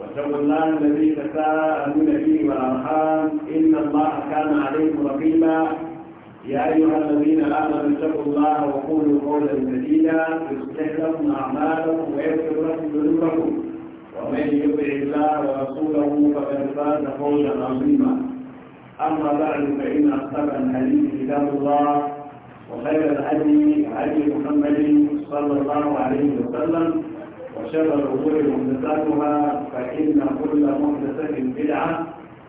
واتقوا الله الذي تساءلون به والارحام ان الله كان عليكم رقيبا يا ايها الذين امنوا اتقوا الله وقولوا قولا سديدا يصلح لكم اعمالكم ويغفر لكم ذنوبكم ومن يطع الله ورسوله فقد فاز فوزا عظيما اما بعد فان اصدق الحديث كتاب الله وخير الهدي هدي محمد صلى الله عليه وسلم شر الأمور محدثاتها فإن كل محدثة بدعة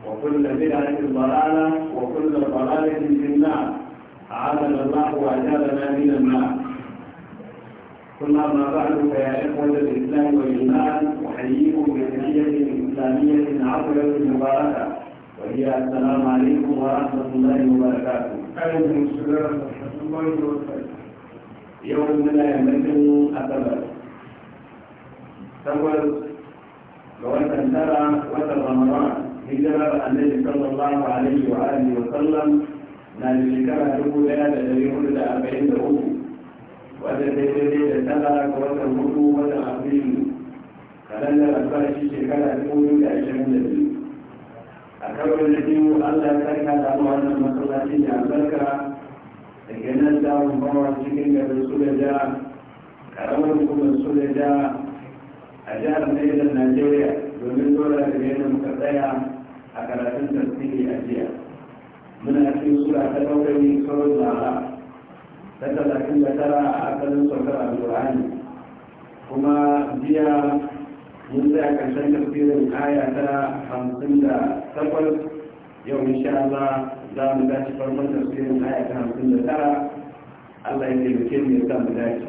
وكل بدعة ضلالة وكل ضلالة في النار أعاذنا الله وأجارنا من النار ثم ما بعد فيا إخوة الإسلام والإيمان أحييكم بتحية إسلامية عطرة مباركة وهي السلام عليكم ورحمة الله وبركاته. عليكم السلام ورحمة الله وبركاته. يوم لا يمكن أبدا تقول وأن ترى وتر رمضان hijirar annabi sallallahu alaihi wa alihi wa sallam na da shekara dubu daya da dari hudu da arba'in da uku wadda daidai da tara ga watan hudu watan kalandar shekara da ashirin da biyu a kawai da allah ya karka da mu wannan masallaci da albarka da ke nan damun bawa cikin garin suleja karamar da suleja a jihar Niger Najeriya domin dole da yadda muka tsaya a karatun tafsiri a jiya muna cikin sura ta ɗaukari kawai zara ta talatin da tara a asalin saukar alƙur'ani kuma jiya mun tsaya ƙarshen tafsirin aya ta hamsin da takwas yau insha Allah za mu dace farkon tafsirin aya ta hamsin da tara Allah ya taimake mu ya sa mu dace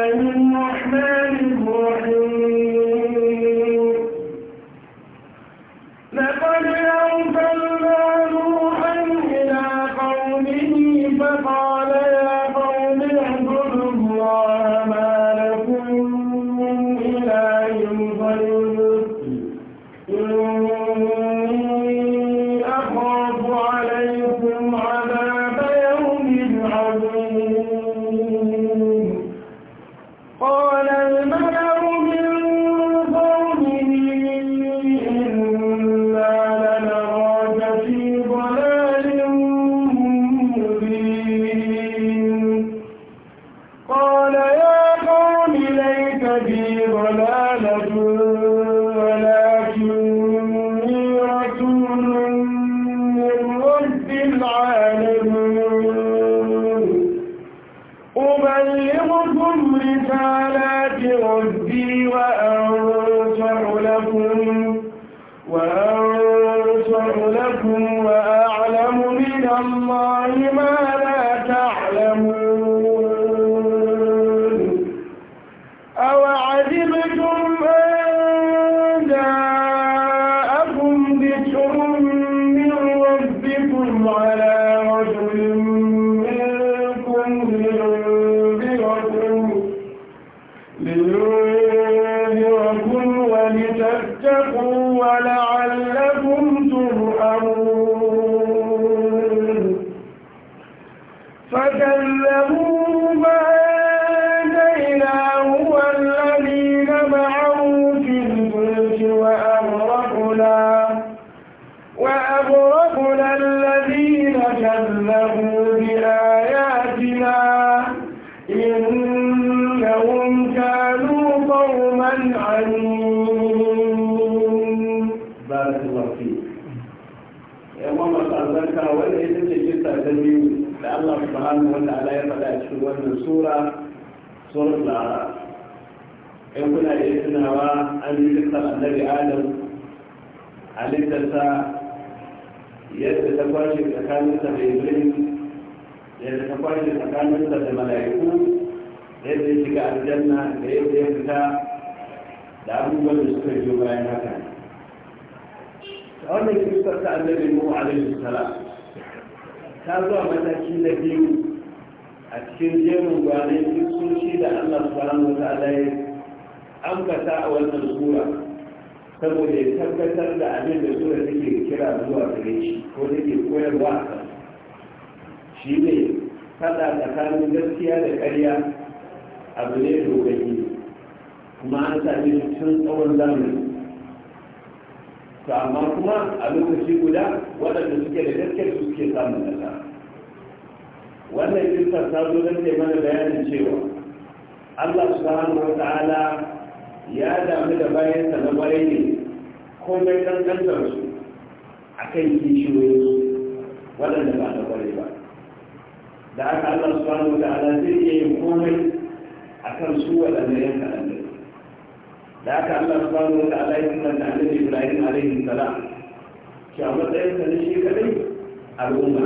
أسمع لكم وأعلم من الله ما لا ta yadda ta kwashe tsakaninsa da iblis yadda ta kwashe tsakaninsa da mala'iku yadda ya shiga aljanna da yadda ya fita da abubuwan da suka biyo bayan haka a wannan kisar ta annabi mu alaihi salam ta zuwa mataki na biyu a cikin jerin gwanin kisoshi da allah subhanahu wa ta'ala ya ambata a wannan saboda ya tabbatar da abin da sura take kira zuwa gare shi ko take koyarwa a kan shi ne fada tsakanin gaskiya da ƙarya abu ne dogaggi kuma an sami tun tsawon zamani to amma kuma a lokaci guda waɗanda suke da gaskiyar su suke samun nasa wannan kirkar ta zo don mana bayanin cewa allah subhanahu wa ta'ala ya damu da bayansa na kwarai ne komai kankantar su a kan kishiyoyinsu waɗanda ba na ƙwarai ba da aka allah subhanahu wa ala zai iya yin komai a kan su waɗanda yan kaɗanda da da aka allah subhanahu wa ala yi kuma da annabi ibrahim alaihi salam shi a matsayin sa na shi kaɗai al'umma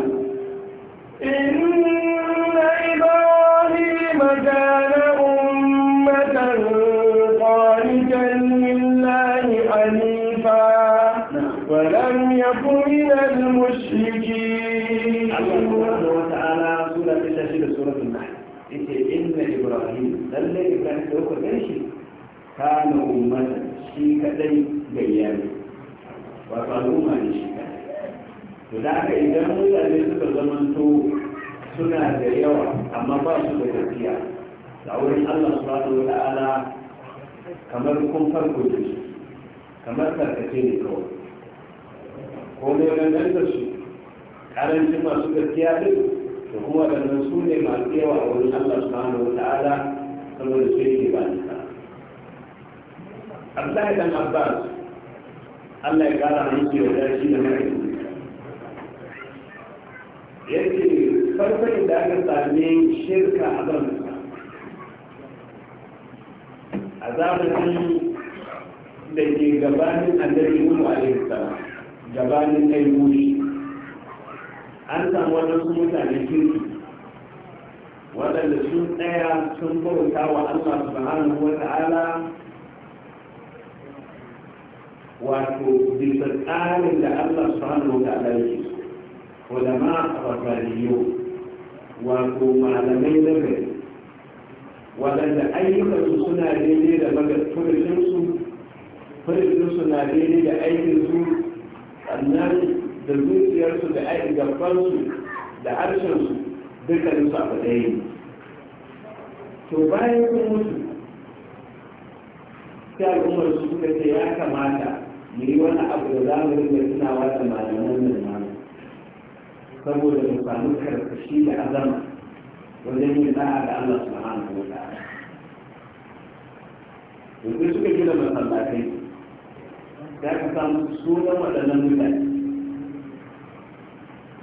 إن إبراهيم كان shi kadai gayya ne ba al'umma ne shi kadai to da haka idan mutane suka zamanto suna da yawa amma ba su da tafiya. Da wurin allah su subhanahu wa ala kamar kun farko da su kamar karkace ne kawai ko ne wannan da su karancin masu gaskiya din da kuma waɗannan su ne masu yawa a wurin allah su subhanahu wa ta'ala saboda su yake ba ne Allah ya Abbas Allah ya kara miki da dashi da mai yake farfai da aka same shirka a ban a zamanin da ke gabanin annabi Nuhu alaihi salam gabanin kai mushi an samu su mutane kirki waɗanda sun tsaya sun bauta wa Allah subhanahu wa ta'ala wato bisa tsarin da Allah subhanahu wa ta'ala da ulama rabbaniyo wato malamai na gari waɗanda ayyukansu suna daidai da magafurishinsu su na daidai da su sannan da zuciyarsu da aikin su da su harshensu su abu ɗaya ne to bayan kuma mutu sai al'ummar su suka ce ya kamata yi wani abu da za mu rinka tunawa da malaman nan ma saboda mu samu karkashi da azama wajen yin da'a da Allah subhanahu wa ta'ala yanzu suka gina masallatai za ka samu sunan waɗannan mutane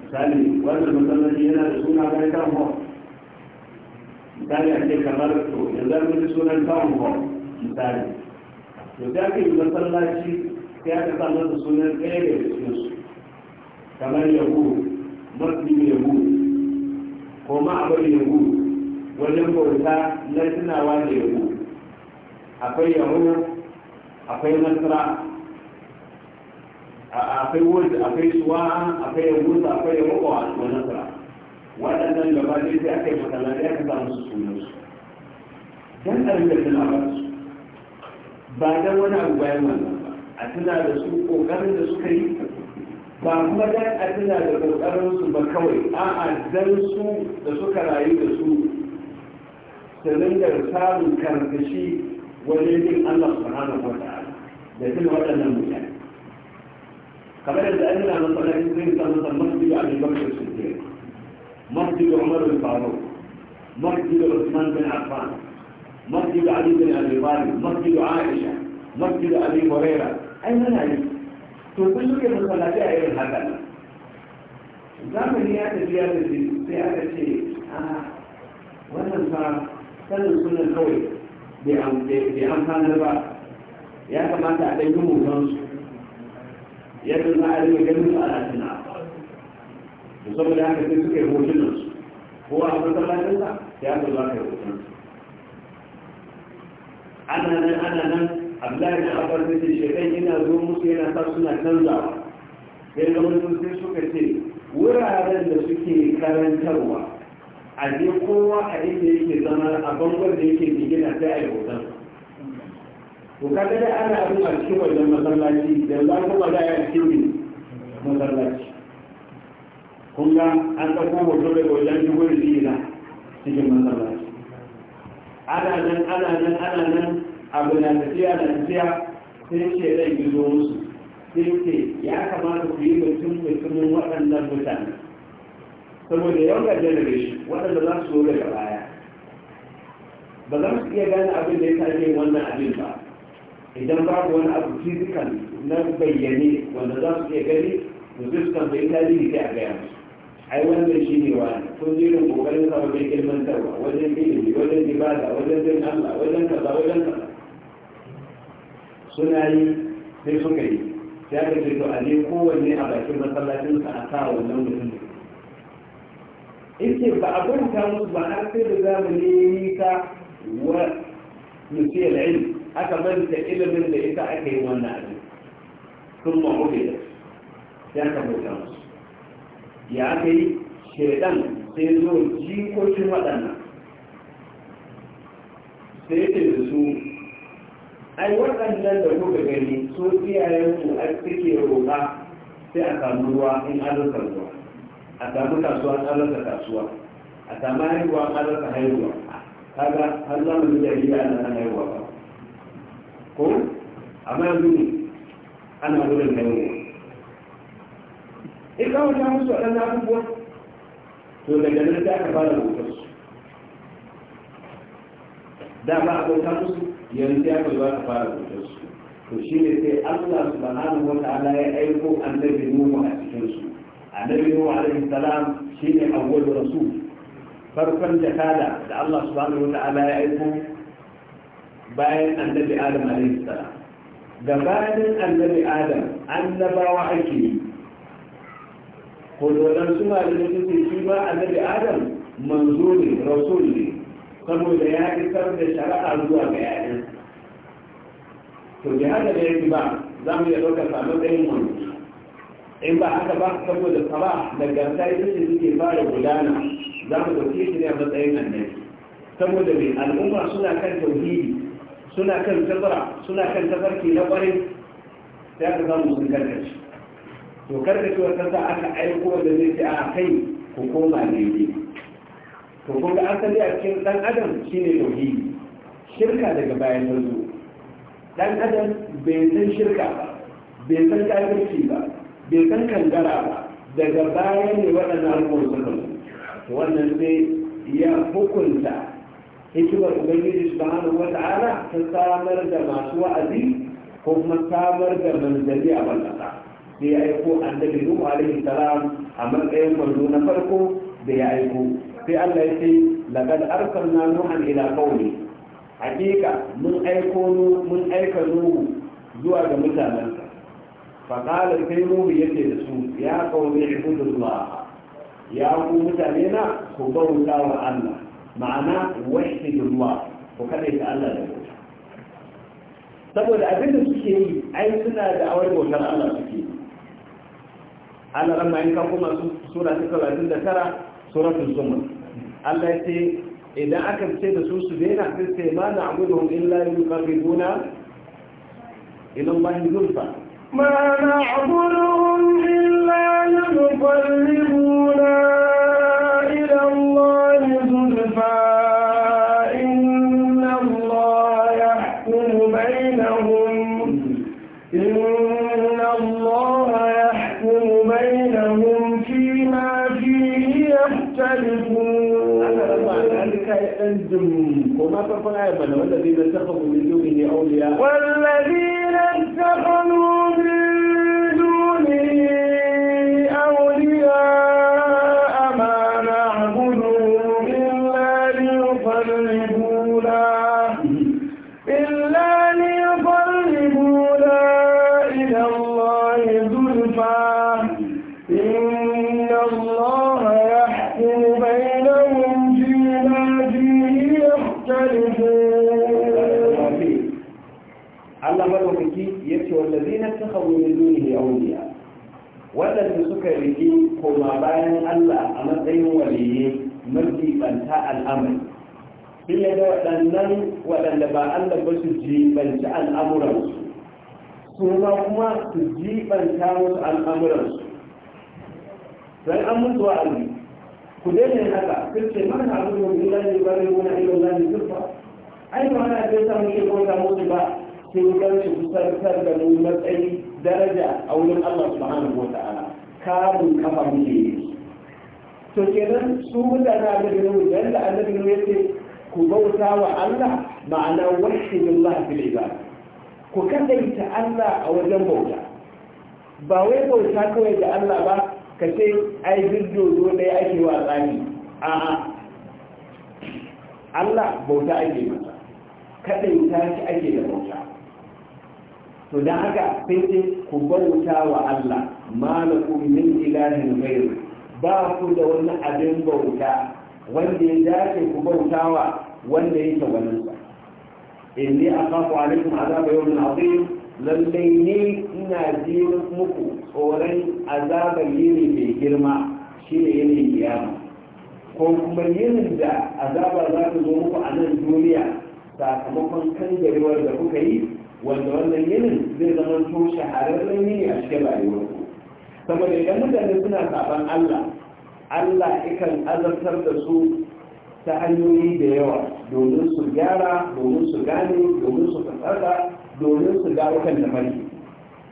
misali wannan masallaci yana da suna bayan town hall misali a ce kamar to yanzu an sunan town hall misali to za ka yi masallaci sai aka sa masa sunan ɗaya daga cikinsu kamar yahu mafi yahu ko ma'abar yahu wajen bauta na tunawa da yahu akwai yahu akwai nasara akwai wanda akwai suwa akwai yahu akwai yahu wa nasara waɗannan gaba ɗaya sai aka yi masallaci aka sa musu sunansu dan ɗarin da suna ba su ba dan wani abu bayan wannan a tuna da su ƙoƙarin da suka yi ba kuma dan a tuna da ƙoƙarin su ba kawai a'a dan su da suka rayu da su su ringa samun karkashi wajen yin Allah subhanahu wa ta'ala da tuna waɗannan mutane kamar yadda an yana masallacin zai samu sannan su yi abin bakar su ke masjid umar bin faruq masjid usman bin affan مسجد علي بن ابي طالب مسجد عائشه مسجد ابي هريره ai muna yi to sun suke masallaci a irin haka nan zamani ya tafi ya tafi sai aka ce a ah, wannan fa sanin sunan kawai bai amfani ba ya kamata a ɗanyi hotonsu yadda za a rika ganin su ana tuna da saboda haka sai suke yi hotunansu ko a masallacin sa ya zo za ka yi hotunansu ana nan ana nan abdullahi da kabar da ce shekai ina zo musu yana sa suna canzawa sai ga wani sai suka ce wuraren da suke karantarwa a je kowa a inda yake zama a bangon da yake jigina sai a yi hoton to kaga da ana abin a cikin wajen masallaci da za kuma da ya cikin masallaci kun ga an ɗauko hoto da wajen dubu da cikin masallaci ana nan ana nan ana nan abu na tafiya na tafiya sai ce zai gizo musu sai ce ya kamata ku yi mutum mutumin waɗannan mutane saboda yau ga shi waɗanda za su zo daga baya ba za su iya gane abin da ya sake wannan abin ba idan babu wani abu fizikal na bayyane wanda za su iya gani da su tambayi tarihi sai a gaya musu ai wannan shi ne wani kun ji irin kokarin sa wajen ilmantarwa wajen ilimi wajen ibada wajen bin allah wajen kaza wajen kaza suna yi sai suka yi ya aka to a je kowanne a bakin masallacinsa a sa wannan mutum yake ba a bauta musu ba har sai da zamani nisa wa ya ilm aka manta ilimin da ita aka yi wannan abin sun ma'ufe da ya ka bauta musu ya aka yi shaidan sai zo jikokin waɗannan sai ce da su ai waɗannan da kuka gani su iyayensu a suke roƙa sai a samu ruwa in azurka ruwa a samu kasuwa an azurka kasuwa a samu haihuwa an azurka haihuwa kaga har za mu da riya na san haihuwa ba ko amma yanzu ne ana gudun haihuwa in kawo ta musu waɗannan abubuwa to daga nan ta aka fara rubutar da ba a bauta yanzu ya kai za ka fara bautar su to shi ne sai Allah su subhanahu wa ta'ala ya aiko annabi Nuhu a cikin su annabi Nuhu alaihi salam a awwal rasu, farkon jakada da Allah su subhanahu wa ta'ala ya aiko bayan annabi Adam alaihi salam gabanin annabi Adam annabawa ake yi ko da wadansu malamin sun ce shi ba annabi Adam manzo ne rasul ne saboda ya isar da shari'a zuwa ga yayin to bi haka da yake ba za mu iya ɗaukar sa matsayin wani. in ba haka ba saboda saba da gasa ita ce suke fara gudana za mu ɗauke shi ne a matsayin annabi saboda mai al'umma suna kan tauhidi suna kan tazara suna kan tabarki na ƙwarai sai aka samu sun karkace to karkacewa ta sa aka aiko da zai ce a kai ku koma daidai to kun ga asali a cikin dan adam shine tauhidi shirka daga bayan ta zo dan adam bai san shirka ba bai san kafirci ba bai san kangara ba daga baya ne waɗannan al'ummar suka zo wannan sai ya hukunta hikimar ubangiji wata wata'ala ta samar da masu wa'azi ko kuma samar da manzali a ballaka sai ya aiko annabi nuhu alaihi salam a matsayin manzo na farko da ya aiko sai Allah ya ce laqad arsalna nuhan ila qaumi hakika mun aiko mun aika nuhu zuwa ga mutanen fa qala sai nuhu yace da su ya qaumi ibudullah ya ku mutane na ku bauta wa Allah ma'ana wahidullah ku kada ta Allah da bauta saboda abin da suke yi ai suna da awar bautar Allah suke Allah ran ma in ka koma sura 39 suratul zumar Allah ce idan aka ce da su su daina sai sai ma na abuduhum illa yuqarribuna ila Allah zulfa ma na abuduhum illa yuqarribuna ma farkon ayar bana wanda zai zan tafa kuma ne auliya. Wanda sannan waɗanda ba Allah ba su jibanci al'amuransu su ma kuma su jibanta musu al'amuransu don an mutu wa abu ku daina yin haka ce mana abu da wani lalai ba ne wani za lalai zurfa ai ba na kai samun iya kwanta musu ba sai gan su kusantar da mu matsayi daraja a wurin Allah ma'ana wa ta'ala kamun kafa muke yi to kenan su mutane a gajiyar mu da annabi ne ya ce ku bauta wa Allah ma'ana wahidullah fil ibad ku kadaita Allah a wajen bauta ba wai bauta kawai da Allah ba ka ce ai duddo zo dai ake wa tsani a'a Allah bauta ake masa kadaita shi ake da bauta to dan haka sai ce ku bauta wa Allah malakum min ilahin ghayr ba ku da wani abin bauta wanda ya dace ku bautawa wanda yake wannan sa inni akhafu alaikum azab na azim lallai ne ina ji muku tsoron azabar yini mai girma shine yini kiyama ko kuma yinin da azaba za ta zo muku a nan duniya sakamakon kan garewar da kuka yi wanda wannan yinin zai zama to shahararren yini a cikin rayuwarku saboda idan mutane suna saban Allah allah ikan azartar da su ta hanyoyi da yawa domin su gyara domin su gane domin su fasada domin su dawo kan da mari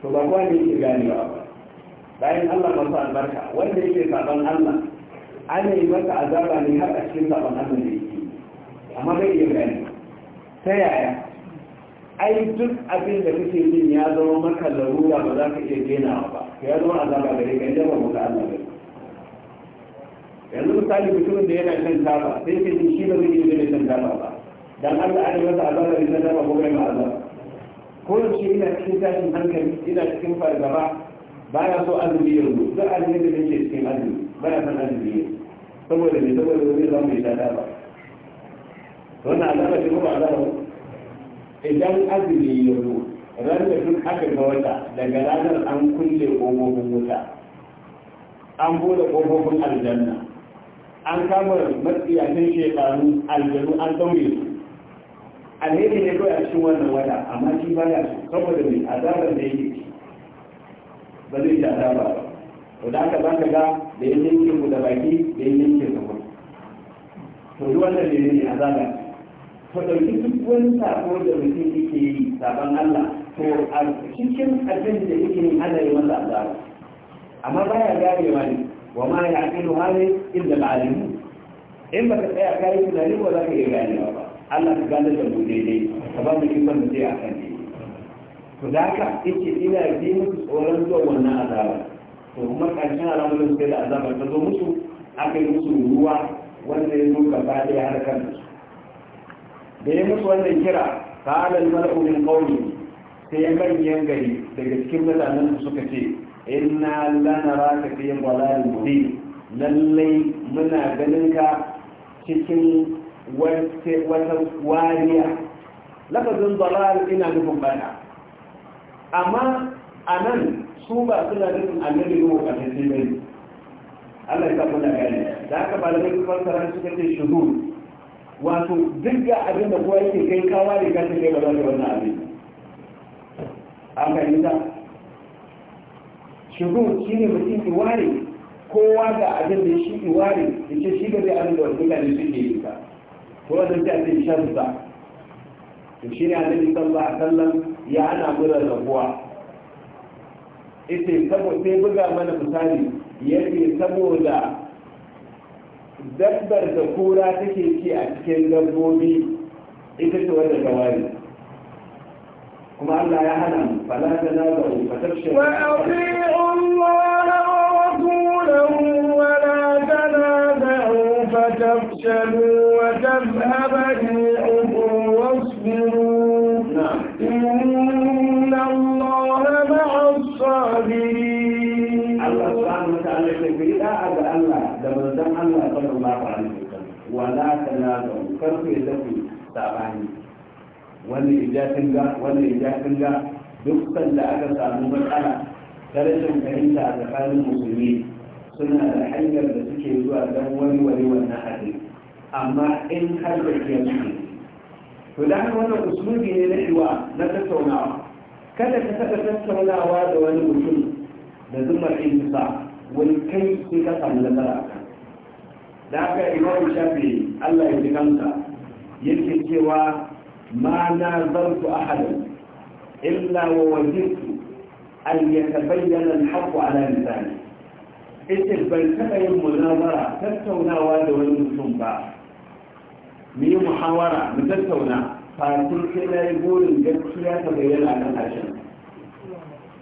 to ba kuwa ne ke ganewa ba bayan allah masu albarka wanda yake sabon allah an yi masa azaba ne har a cikin sabon allah ne amma bai iya gane ta yaya ai duk abin da kake yin ya zama maka larura ba za ka iya genawa ba ya zama azaba gare ka inda ba mu ka allah bai yanzu misali mutumin da yana shan taba sai ke shi ba zai iya da shan taba ba dan Allah an masa azaba da shan taba ko bai ma azaba ko shi ina cikin tashin hankali ina cikin fargaba baya so azumi ya rubu duk azumi da nake cikin azumi baya son azumi ya saboda me saboda zai zama mai shan taba wannan azaba ce kuma azaba idan azumi ya rubu ran da duk aka ga wata daga ranar an kulle ƙofofin wuta an bude ƙofofin aljanna an kama matsiyacin shekaru aljanu an daure su alheri ne kawai a cikin wannan wata amma shi baya su saboda mai azabar da yake ba zai ji azaba ba to da aka zaka ga da yin yankin mu da baki da yin yankin mu to yi wannan ne ne azaba to dauki duk wani sako da mutum yake yi saban Allah to a cikin abin da yake yin ana yi masa azaba amma baya ganewa ne wa ma ya ake halin illa al'alimu in ba ka tsaya kayi tunani ba za ka iya ganewa ba Allah ka gane da mu daidai ka ba mu ikon da zai akan ne to da haka yake ina bi musu tsoron zuwa wannan azaba to kuma karshen al'amuran sai da azaba ta zo musu aka yi musu ruwa wanda ya zo gaba da ya harkar da su da ya musu wannan kira قال الملأ ubin kauni sai ya manyan gari daga cikin mutanen da suka ce inna raka fi dhalalin mubin lallai muna ganin ka cikin wata wariya lafazin dalal ina nufin bada amma a nan su ba suna nufin annabi ne a cikin bai Allah ya muna gani da haka malamai su fassara suka ce shuhud wato duk ga abin da kowa yake kai kawa da kanta kai ba za ka wannan abin an fahimta shuhud shine mutum ki ware kowa ga abin da shi iwari da ce shi zai abin da wasu mutane suke yi ka to wasu ta ce shan sa to shi ne annabi sallallahu alaihi wasallam ya ana mura rabuwa ita saboda sai buga mana misali yace saboda dabbar da kura take ci a cikin dabbobi ita ce wanda gawari kuma Allah ya hana fala tanazu fatabshu wa ولا تنازعوا فتفشلوا وتذهب ريحكم واصبروا نعم. إن الله مع الصابرين الله سبحانه وتعالى يقول أعد الله لمن دم الله صلى الله عليه وسلم ولا تنازعوا كرفي لكم سابعني wani ija tunga wani ija tunga duk sanda aka samu matsala ta suna da hanyar da suke zuwa don wani wani wannan hadin amma in har da ke suke to da haka wannan usulubi ne na iwa na tattaunawa kada ka taɓa tattaunawa da wani mutum da zumar sa wani kai sai ka samu nasara da haka imamu shafi allah ya ji kansa yake cewa ma na zartu ahadan illa wa wajibtu an yatabayyana al-haqqu ala lisani ita ban taɓa yin munawara tattaunawa da wani mutum ba mu yi muhawara mu tattauna fatin sai na yi burin gaskiya ta bayyana a kan harshen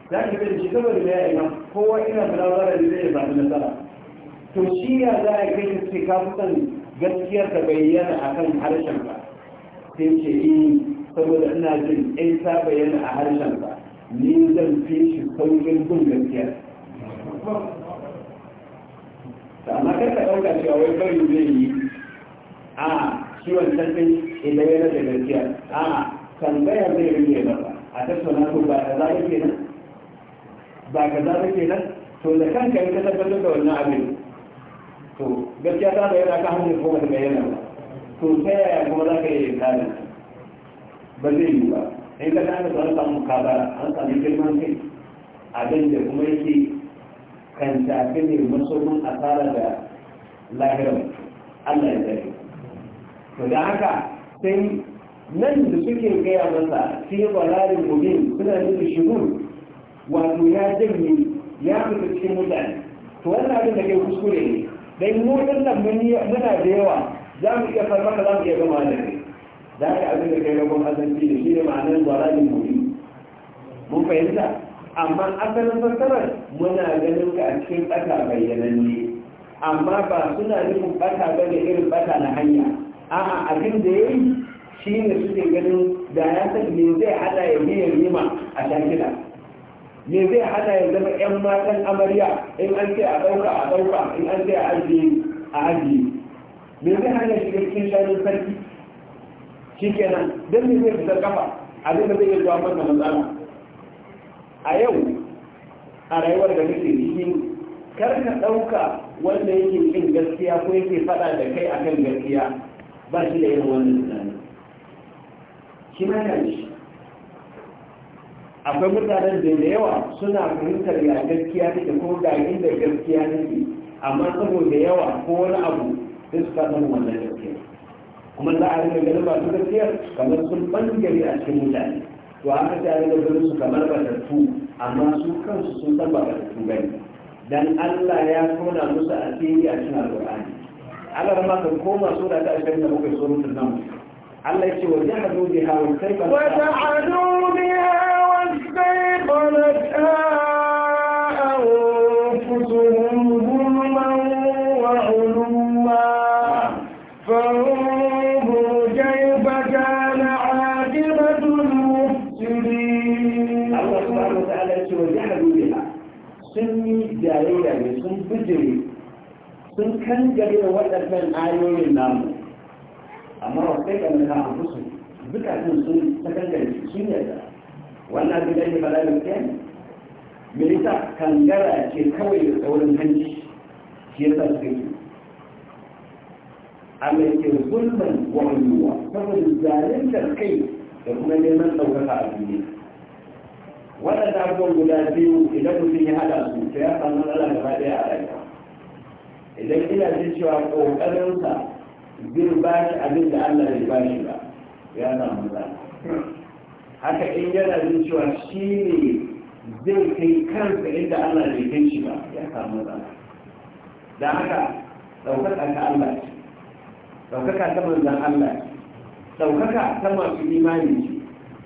za ki gani shi saboda da ya yi kowa ina munawara da zai ba nasara to shi ya za a kai ce ka fi son gaskiyar ta bayyana a kan harshen ba sai ce yi eh, saboda ina jin ɗai ta bayyana a harshen ba ni zan fi shi saurin bin gaskiyar amma kar ka ɗauka cewa wai bari zai yi a ciwon sassin idan yana da gaskiya a tambaya zai rage ba a tattauna ko ba za ba kenan ba za ba kenan to da kanka ka tabbatar da wannan abin to gaskiya ta bayyana ka hanyar ko ba bayyana ba to ta yaya kuma za ka yi kare ba zai yi ba in ka kana da an samu kabara an samu girman kai a da kuma yake kan shafi ne masomin asara da lahirar Allah ya zai. to da haka sai nan da suke gaya masa sai balarin mubin suna nuna shiru wato ya janye ya fita cikin mutane to wannan abin da kai kuskure ne dan mu dinnan muna da yawa za mu iya ka za mu iya gama da kai za ka abin da kai rabon azanci da shi ne ma'anar balarin mubin mun fahimta amma asalin fassarar muna ganin ka a cikin ɓata bayyananne amma ba suna nufin ɓata ba da irin ɓata na hanya a'a abin da ya yi shi ne suke ganin da ya san me zai hada ya biya rima a shakila me zai hada ya zama yan matan amarya in an ce a ɗauka a ɗauka in an ce a ajiye a ajiye me zai hana shiga cikin shanun sarki kenan don me zai fitar kafa abin da zai yi zuwa wannan matsala a yau a rayuwar da muke shi kar ka ɗauka wanda yake kin gaskiya ko yake faɗa da kai akan gaskiya ba shi da yin wannan tunani shi ma yana shi akwai mutanen da da yawa suna fahimtar ya gaskiya take ko ga inda gaskiya take amma saboda yawa ko wani abu sai su kasa wannan gaskiya kuma za a rika ganin su gaskiya kamar sun bangare a cikin mutane to an yi da su kamar batattu amma su kansu sun san batattu bane dan Allah ya tona musu asiri a cikin alqur'ani Allah ma kan koma sura ta 20 da so mutum nan Allah yace wa jahadu biha wa sayfa wa ta'adu biha wa sayfa da waɗannan ayoyin namu amma wasu kan na su, zukatun sun ta kangare sun yarda wannan abin ne bala da ke me yasa kangara ce kawai da saurin hanci shi yasa suka yi amma yake zulman wa hannuwa saboda zalintar kai da kuma neman ɗaukaka a duniya waɗanda abubuwan guda biyu idan mutum ya haɗa su ta ya samu matsala gaba ɗaya a rayuwa idan ina ce cewa ƙoƙarinsa zai ba shi abin da Allah ya ba shi ba ya samu matsala haka in yana jin cewa shi ne zai kai kansa inda Allah ya kai shi ba ya samu matsala da haka ɗaukaka ta Allah ce ɗaukaka ta manzan Allah ce ɗaukaka ta masu imani ce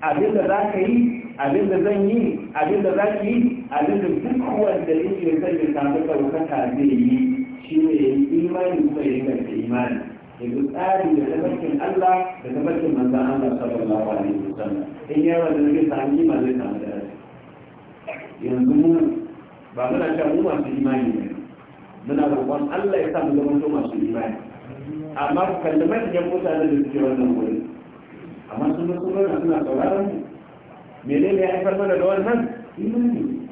abin da za ka yi abin da zan yi abin da za ki yi abin da duk wanda yake son ya samu ɗaukaka zai yi shi ne ya yi imani kuma ya inganta imani ya bi tsari da tabbacin Allah da tabbacin manzan Allah sallallahu alaihi wasallam in yawa da nake samu kima zai samu da yanzu mu ba muna cewa mu masu imani ne muna roƙon Allah ya sa mu zama to masu imani amma ku kalli manyan mutane da suke wannan wuri amma sun zo suna suna sauraron mu menene ya haifar mana da wannan imani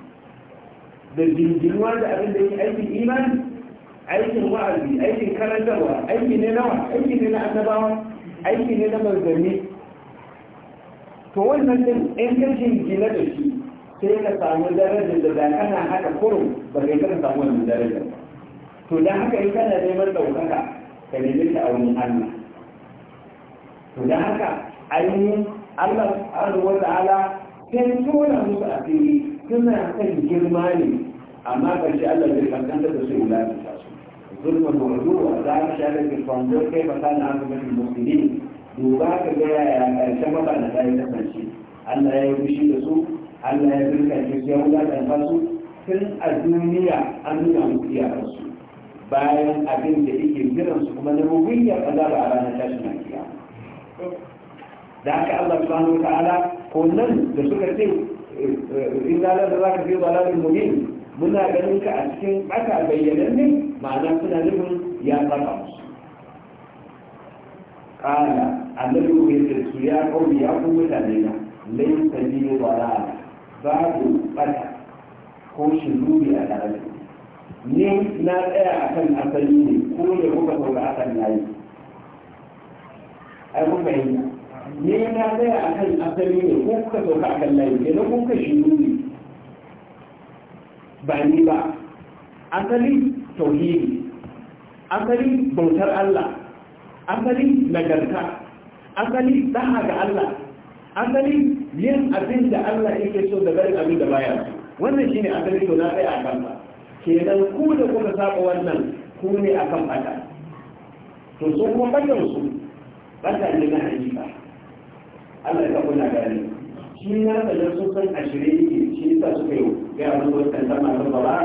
da jinjinwa da abin da yake aikin imani aikin wa'azi aikin karantarwa aiki ne nawa aiki ne na annabawa aiki ne na manzanni to wannan din in kashin gina da shi sai ka samu darajar da da kana haka kurum ba kai ka samu wannan darajar to dan haka in kana neman daukaka ka nemi ta a wani Allah to dan haka ainihin Allah subhanahu wa ta'ala sai tona musu asiri suna kan girma ne amma shi Allah zai kankanta da su wulata ظلم وعدوا da aka shafe ke kwanzo kai ba المسلمين aka mafi musulmi duba ذلك ga yaya ƙarshen mabana ta yi kasance allah ya yi fushi da su allah ya ke ya a duniya an nuna musu bayan abin da yake jiran su kuma na kaza ba a ranar tashin da haka allah ta'ala ko nan da suka ce in za ka fi zalar muna ganin ka a cikin ɓata bayyanan ne ma'ana suna nufin ya saba musu ƙala a ko da su ya ƙauri ya kuma mutane na laisa ala. wala babu ɓata ko zubi a tare ni na tsaya a kan asali ne ko da kuka sauka kan nayi ai kun fahimta ni na tsaya a kan asali ne ko kuka sauka akan nayi kenan kuka zubi ba ni ba asali tauhidi asali bautar Allah asali nagarta asali daha ga Allah asali yin abin da Allah yake so da barin abin da baya wannan shine asali to na tsaya a Ke kenan ku da kuka saba wannan ku ne akan fada? to so kuma bayan su ta ne na ba Allah ya kula gani shi na da sun san ashirin shi yasa suka yi ga abin wasan sama na bara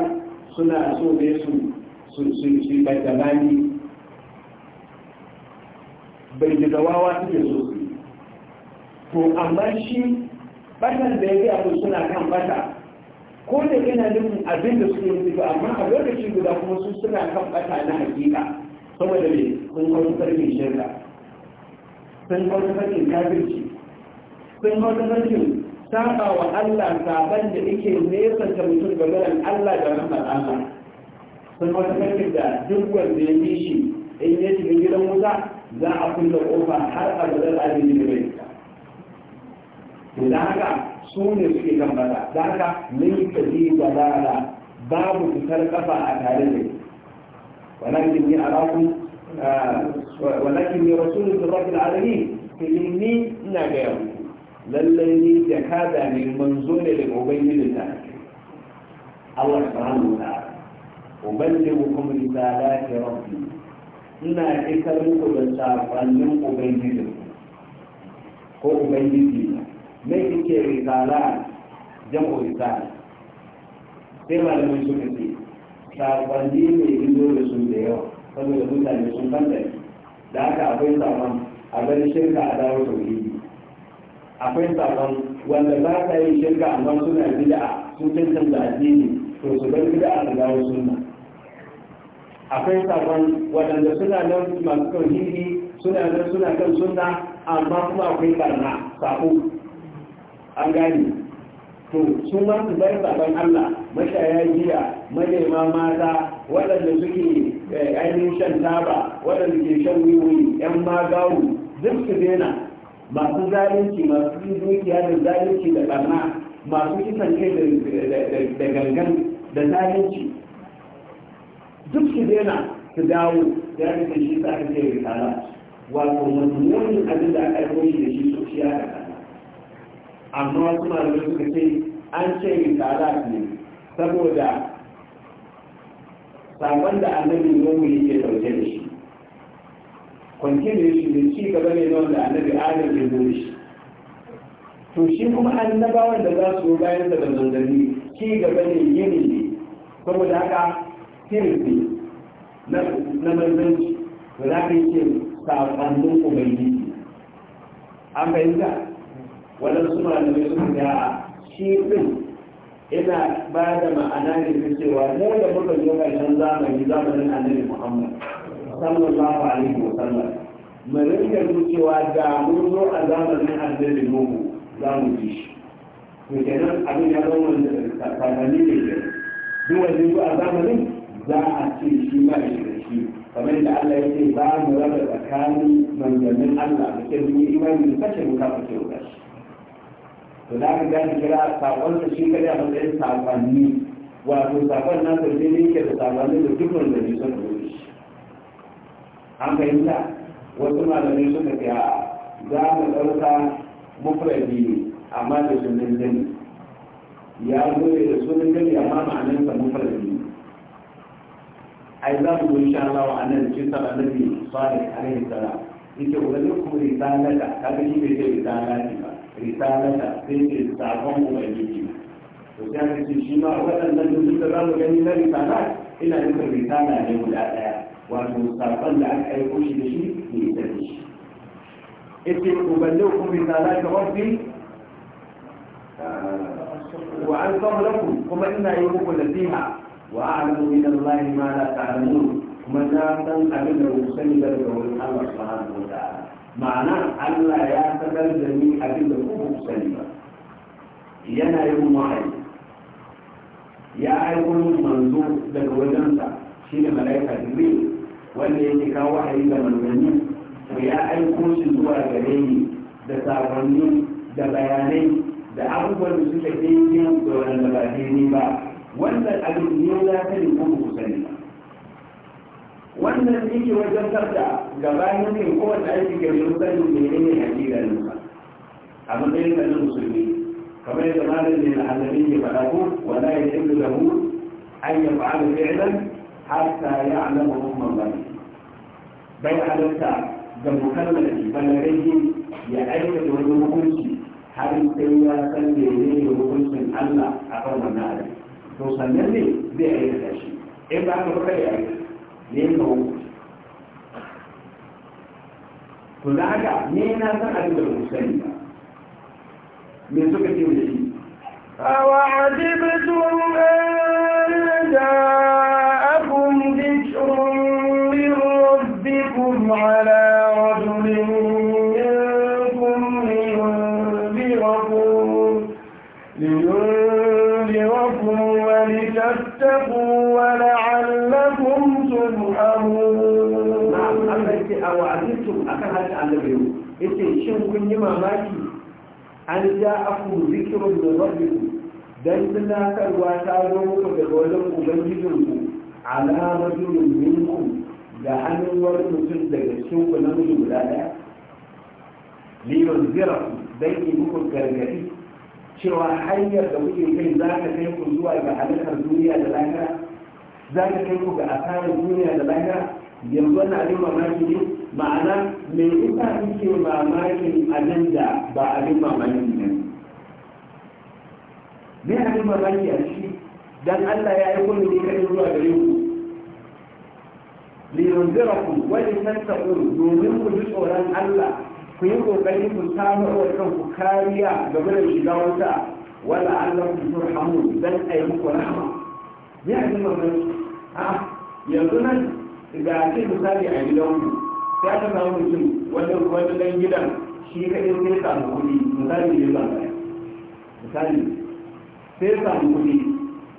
suna so ne su su baddalani bai ji gawawa suke so to amma shi batan da ya yi abin suna kan bata ko da yana nufin abin da suke yi amma a lokaci guda kuma su suna kan bata na hakika saboda ne sun kawo sarkin shirka sun kawo sarkin kafirci sun kawo sarkin saba wa Allah saban da yake ta mutum ga garin Allah da rahmar Allah sun wata farkin da duk wanda ya yi shi in ya shiga gidan wuta za a kulle kofa har a da zai abin da bai to da haka su ne suke kan bata da haka min kaji balala babu fitar kafa a tare da ni walakin ni arakum eh, walakin ni rasulun rabbil alamin ni ina gaya. yau lallai ni jakada ne manzo ne daga ubangiji ta Allah ubangi mu kuma uballighukum risalati rabbi ina isar muku da sakonnin ubangiji ko ubangiji mai kike risala jam'u risala sai malamin suka ce sakonni mai ido da sun da yawa saboda mutane sun kanta da haka akwai sakon a ganin shirka a dawo da wuri. akwai sakon wanda ba ta yi shirka amma suna bid'a sun da addini to su bar bid'a su dawo suna. akwai sakon waɗanda suna nan masu tauhidi suna nan suna kan suna, amma kuma akwai barna sako an gane to su ma su bar sabon Allah mashaya jiya manema mata waɗanda suke eh, ainihin shan taba waɗanda ke shan wiwi yan magawu duk su daina masu zalunci masu yin dukiya da zalunci da barna masu kisan kai da gangan da zalunci duk su daina su dawo ya rika shi sa aka ce risala wato mutumin abin da aka yi shi da shi su shi ya amma wasu malamai suka ce an ce risala ne saboda sakon da annabi nuhu yake dauke da shi Kwanke da ci gaba ne na wanda annabi adam ya zo shi to shi kuma annabawan da za su bayan da manzanni ci gaba ne yini ne saboda haka sirri na manzanci da za ka yi ce saƙonnin ubangiji an fahimta da malamai suka ga shi ɗin ina ba da ma'ana ne ta cewa mu da muka zo ƙarshen zamani zamanin annabi muhammad sallallahu alaihi wa sallam mu rinka cewa da mun zo a zamanin annabi nuhu za mu ji shi to kenan abin ya zama kakanni ne ke duk wanda zo a zamanin za a ce shi ba shi da shi kamar da Allah ya ce ba mu raba tsakanin manzannin Allah da ke mun yi imani da kace mu kafa ce wuta shi to da ka gani kira sakon sa shi kada a matsayin sakonni wato sakon nasa sai ne ke da sakonni da duk wanda ne sun an fahimta wasu malamai suka ce a za mu ɗauka mufradi ne amma da sunan gani ya zo da sunan gani amma sa mufradi ne yi za mu zo insha Allah wa annan cikin sa annabi salih alaihi salam yake ubangiji kuma risalata kaga shi bai ce risalati ba risalata sai ce sakon ubangiji ne to sai aka ce shi ma waɗannan duk da za mu gani na risala ina nufin risala ne guda ɗaya wato sakon da aka aiko shi da shi ya isa da shi ita uballukum bi zalika rabbi wa an lakum kuma ina yi muku nasiha wa a'lamu min Allah ma la ta'lamun kuma na san abin da ku sani daga wurin Allah subhanahu wa ta'ala ma'ana Allah ya sanar da ni abin da ku sani ba yana yin wahayi ya aiko manzo daga wajensa shi ne malaika jibril wanda yake kawo wahayi ga manzanni to ya aiko shi zuwa gare ni da sabonni, da bayanai da abubuwan da suke daidai da wanda ba daidai ba wannan abin ne na sani ko ku sani wannan yake wajen sarda gabanin kai kowace aiki ga yau sani ne ne hakika ba. a matsayin da musulmi kamar yadda ne da annabi ke faɗa ko wala ya da lahu an yaf'ala fi'lan hatta ya'lamu hukman bani bai halitta ga mukallafi balarahi ya aikata wani hukunci har sai ya san mene ne hukuncin Allah a kan wannan abin to sannan ne zai aikata shi in ba ka baka ya ne ka to da haka ne na san abin da ku sani ba me suka ce da shi أوعجبتم annabi ya ce shin kun yi mamaki an ja aku zikirun da rabbikum dan tunatarwa ta zo muku daga wajen ubangijinku alama rajulin minkum da hannun wani mutum daga cikin ku namiji guda ɗaya. liyon zira don yi muku gargadi cewa hanyar da kuke kai za ka kai ku zuwa ga halittar duniya da lahira za ka kai ku ga asarar duniya da lahira yanzu na abin mamaki ne ma'ana me isa kuke mamakin anan da ba abin mamaki ne me abin mamaki a shi dan Allah ya yi kullu da kai zuwa gare ku li yunzirakum wa li tattaqu domin ku ji tsoron Allah ku yi kokari ku samu wa kanku kariya game da shiga wata wala Allah ku turhamu dan ayi muku rahama me abin mamaki a ah, yanzu nan ga ake misali a gidanku sai aka samu mutum wannan wannan dan gidan shi ka in sai samu kuɗi misali ne ba misali sai samu kuɗi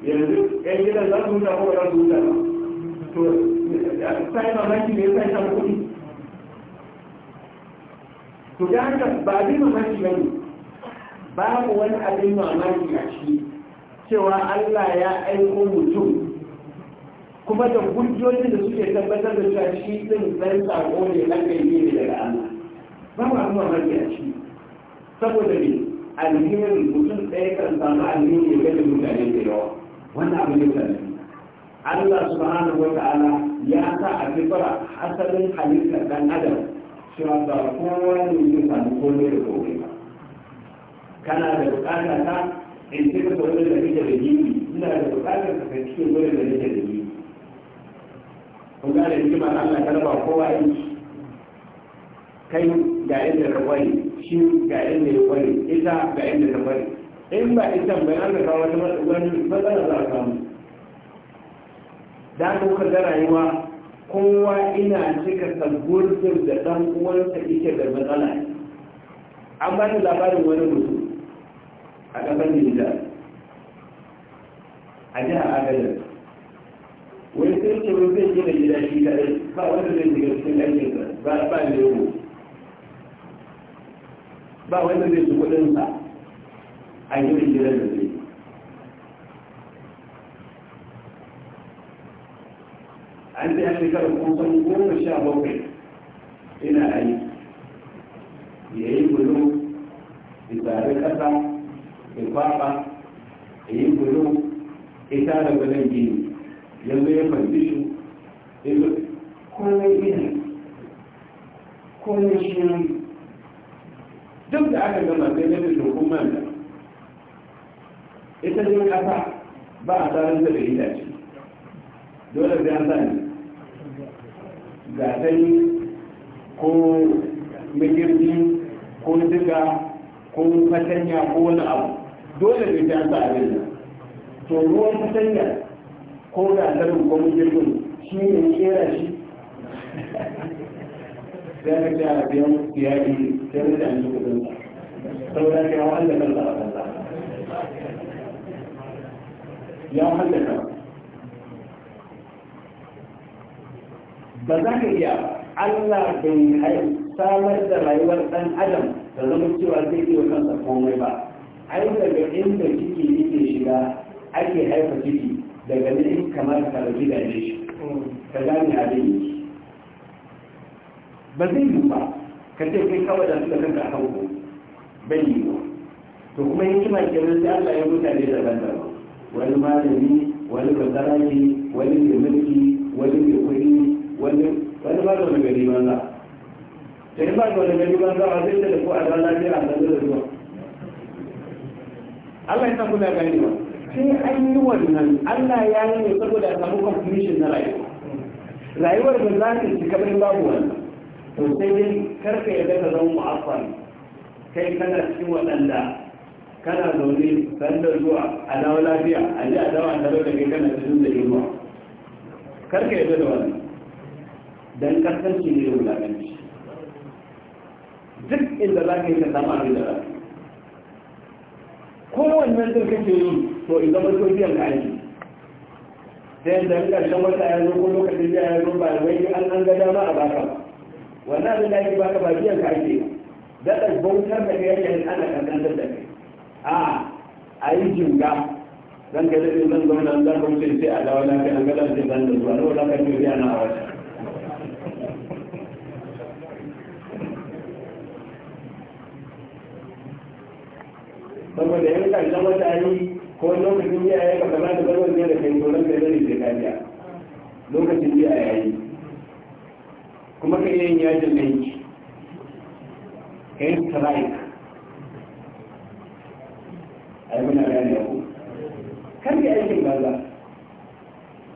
yanzu yan gidan za su huta ko ba za su huta ba to sai mamaki ne sai samu kuɗi to ya haka ba bi mamaki ba ne babu wani abin mamaki a ciki cewa Allah ya aiko mutum kuma da hujjojin da suke tabbatar da cewa shi din dan sako ne na kai ne daga Allah ba amma kuma mafi shi saboda ne alheri mutum ɗaya kan samu alheri ne gani mutane da yawa wannan abu ne mutane Allah subhanahu wa ta'ala ya sa a fitara asalin halittar dan adam cewa ba kowa ne ya samu komai da komai ba kana da bukata ta in ce ka da kake da gini ina da bukatar ka kai cikin wani da nake da kun gane hikimar Allah ta raba kowa aiki kai ga inda ka kware shi ga inda ya kware ita ga inda ta kware in ba ita bai an ka kawo wata wani matsala za a samu da ka kuka ga rayuwa kowa ina cika sabburbin da dan uwansa yake da matsala an ba ni labarin wani mutum a ƙasar Nijar a jihar Agadez wani sun ce wani zai gina gida shi kadai ba wanda zai shiga cikin aikinsa ba ba lebo ba wanda zai ci kudinsa a gina gidan da zai an ce an shekarar kusan goma sha bakwai ina aiki ya yi gudu ya tsari kasa ya kwafa ya yi gudu ita da gudun gini yanzu ya fahimci shi yanzu kwanan ina kwanan shi ne duk da aka gama sai na fi dokun manta ita ne kasa ba a tsarin da ita ce dole sai an sani gasani ko magirbi ko diga ko fatanya ko wani abu dole da an sa abin to ruwan fatanya ko da annabin ko mun jirgin shi ne kera shi sai aka ce a biyan siyari sai da an yi kudin saboda da, yawon da kan tsara kan tsara yawon da kan ba za ka iya Allah bai samar da rayuwar ɗan adam da zama cewa zai iya kansa komai ba ai daga inda ciki yake shiga ake haifa ciki daga ne kamar karfi da da shi ka gane abin yi ba zai yi ba ka ce kai kawai da suka kanka a hanko bai yi ba to kuma yin kima kenan sai Allah ya mutane daban-daban wani malami wani bazaraki wani mai mulki wani mai kuɗi wani wani ba da wani ba za to yi ba da wani ba za a zai da ko a ranar lafiya a sanar zuwa Allah ya sa ya gani ba sai an yi wannan Allah ya yi ne saboda a samu completion na rayuwa rayuwar da za ta ci kamar babu wannan to sai dai karka ya daga zama mu'afan kai kana cikin waɗanda kana zaune sandar zuwa a dawo lafiya a ji a dawo a dawo da kai kana cikin da ruwa karka ya daga wannan dan kasance ne da wulaƙanci duk inda za ka yi ka samu abin da za ka kowanne sun kake yi to in zama sun biyan da aiki ta yadda in ƙarshen wata ya zo ko lokacin biya ya zo ba wai an an ga dama a baka ba wannan abin da ake baka ba biyan ka ake ba daɗa bautar da kai yake ana kankantar da kai a a yi jinga zan ka daɗe zan zauna zan kauce sai a dawo lafiya an gada lafiya zan da zuwa na wadatar biya na a wata saboda yan kan zama tari ko lokacin biya ya kama da zama zai da kai to nan sai zai zai kariya lokacin biya ya yi kuma ka iya yin yajin aiki ka yi strike a yi muna gane ku kar yi aikin banza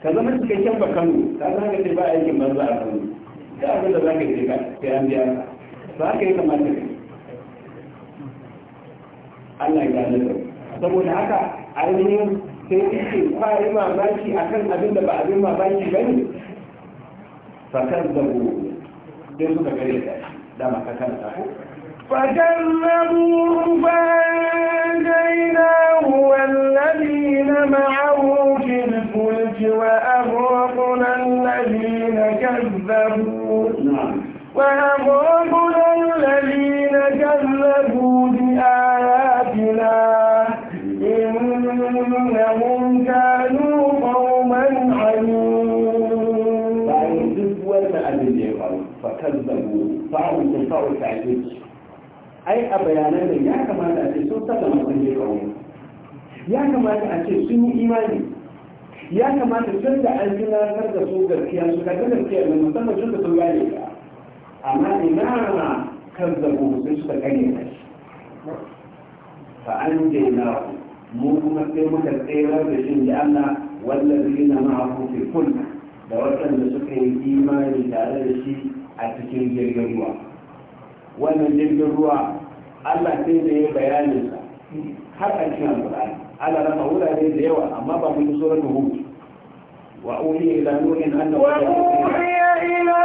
ka zama cikakken ba kano ka zama ka ce ba aikin banza a kano da abin da za ka ce ka sai an biya ba ka yi kamata ka Allah ya gane da saboda haka ainihin sai yake ba yi mamaki akan abin da ba abin mamaki ba ne fakar da gobe sai suka gare da shi ka kan ta ko فكذبوه فأنجيناه والذين معه في الفلك وأغرقنا الذين كذبوا وأغرقنا الذين كذبوا بآياتنا إنهم كانوا قوما عمين بعد ذلك ولا أدل يقال فكذبوا فعلوا تفعوا تعجيز أي أبيانا يا كما تأتي سلطة لما تنجي قوم يا كما تأتي سنو إيماني ya kamata tun da an ji nasar da su gaskiya su kaga gaskiya da musamman tun da sun gane ka amma ina kan sun an daina ba. mu kuma sai muka tsayar da shi da Allah wallazi na ma'ahu fi kull da waɗanda suka yi imani tare da shi a cikin jirgin ruwa wannan jirgin ruwa Allah sai da ya bayani sa har a cikin alƙur'ani Allah rama wurare da yawa amma ba mu yi suratul hud wa uhiya ila nuhin annahu wa uhiya ila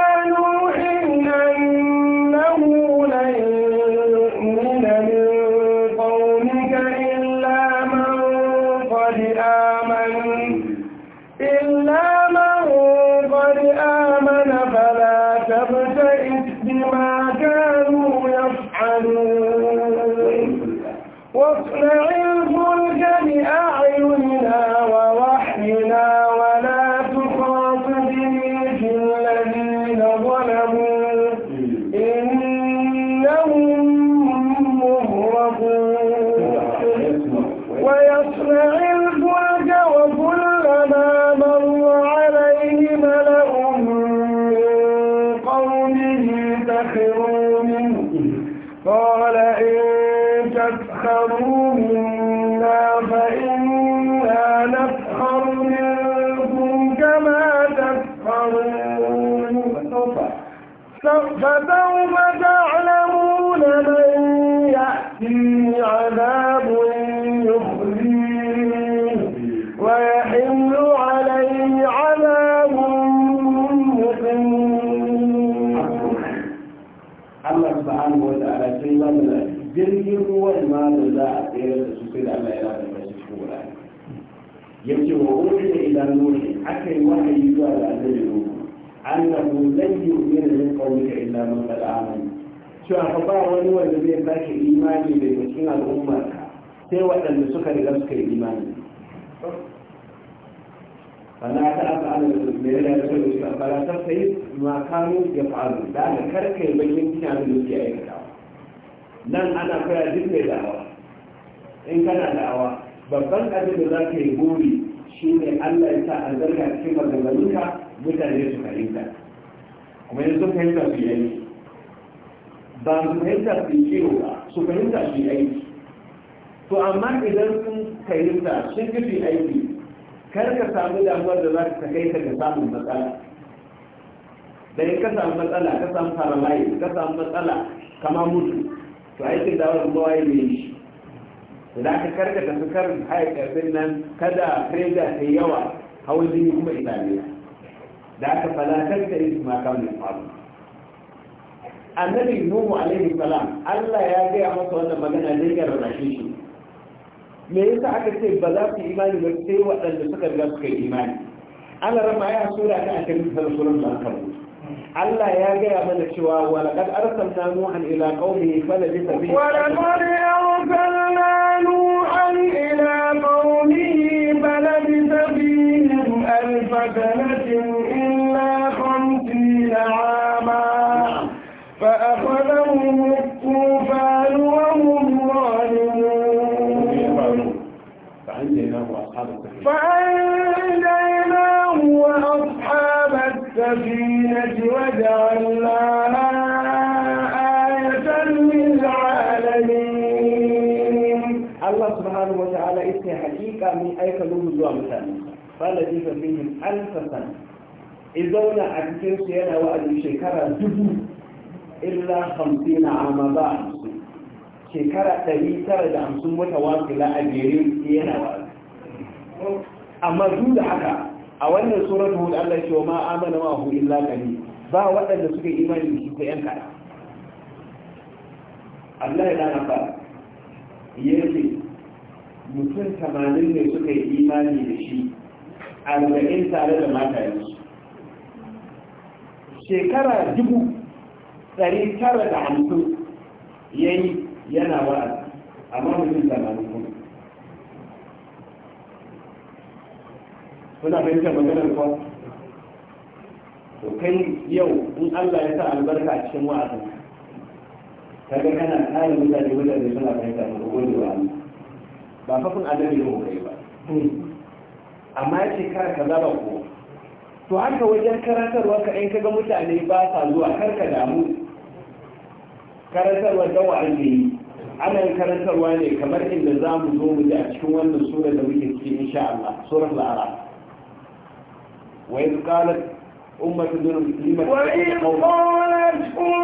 وأصلح sai waɗanda suka riga suka yi imani fana ta aka ana da yana da suka suka fara ta sai ma kanu ya faru da aka karka yi bakin cikin abin da suke aikatawa nan ana koya duk mai da'awa in kana da'awa babban abin da za ka yi buri shi ne allah ya sa zarga cikin maganganunka mutane su fahimta kuma yanzu fahimta su yi aiki ba su fahimta su yi ciwo ba su fahimta su yi aiki to amma idan sun kayinta sun fi aiki kar ka samu damuwar da za ka kai ta ga samun matsala da in ka samu matsala ka samu paralyze ka samu matsala kama mutu to aikin dawar ruwa ya mai shi da aka karkata su karin haya nan kada preza ta yi yawa hawan jini kuma italiya da aka yi kuma isi ne faru annabi nuhu alaihi salam allah ya gaya masa wannan magana don ya rarrashe shi me yasa aka ce ba za su imani ba sai waɗanda suka riga suka yi imani ana rama ya sura ta ashirin da sunan da aka Allah ya gaya mana cewa walaqad arsalna nuhan ila qaumihi fa labisa fihi وجعلناها آية للعالمين الله سبحانه وتعالى اسم حقيقة من أيك نوزوا مثلا فالذي فيهم ألف سنة إذن أكثر سيانا وأدي شكرا دبو إلا خمسين عام بعد شكرا تبيتر دعم سموة واصلة أجيرين سيانا وأدي amma duk da haka a wannan suratul hud Allah ya ce ma amana ma hu illa qalil ba waɗanda suka yi imani da shi ko yan Allah ya dana ba yace mutum tamanin ne suka yi imani da shi arba'in tare da matayensu shekara dubu ɗari tara da hamsin ya yi yana wa'azi amma mutum tamanin kuna fahimtar maganar kuwa to kai yau in Allah ya sa albarka a cikin wa'azin kaga kana kare mutane mutane suna fahimta ko gode wa ba fa kun annabi ne kai ba amma yace kar ka zaba ko to haka wajen karatarwa ka in kaga mutane ba sa zuwa kar ka damu karatarwa da wa'azi ana yin karantarwa ne kamar inda za mu zo mu ji a cikin wannan sura da muke ciki insha Allah suratul araf وإذ قالت أمة ذنب لما وإذ قالت أمة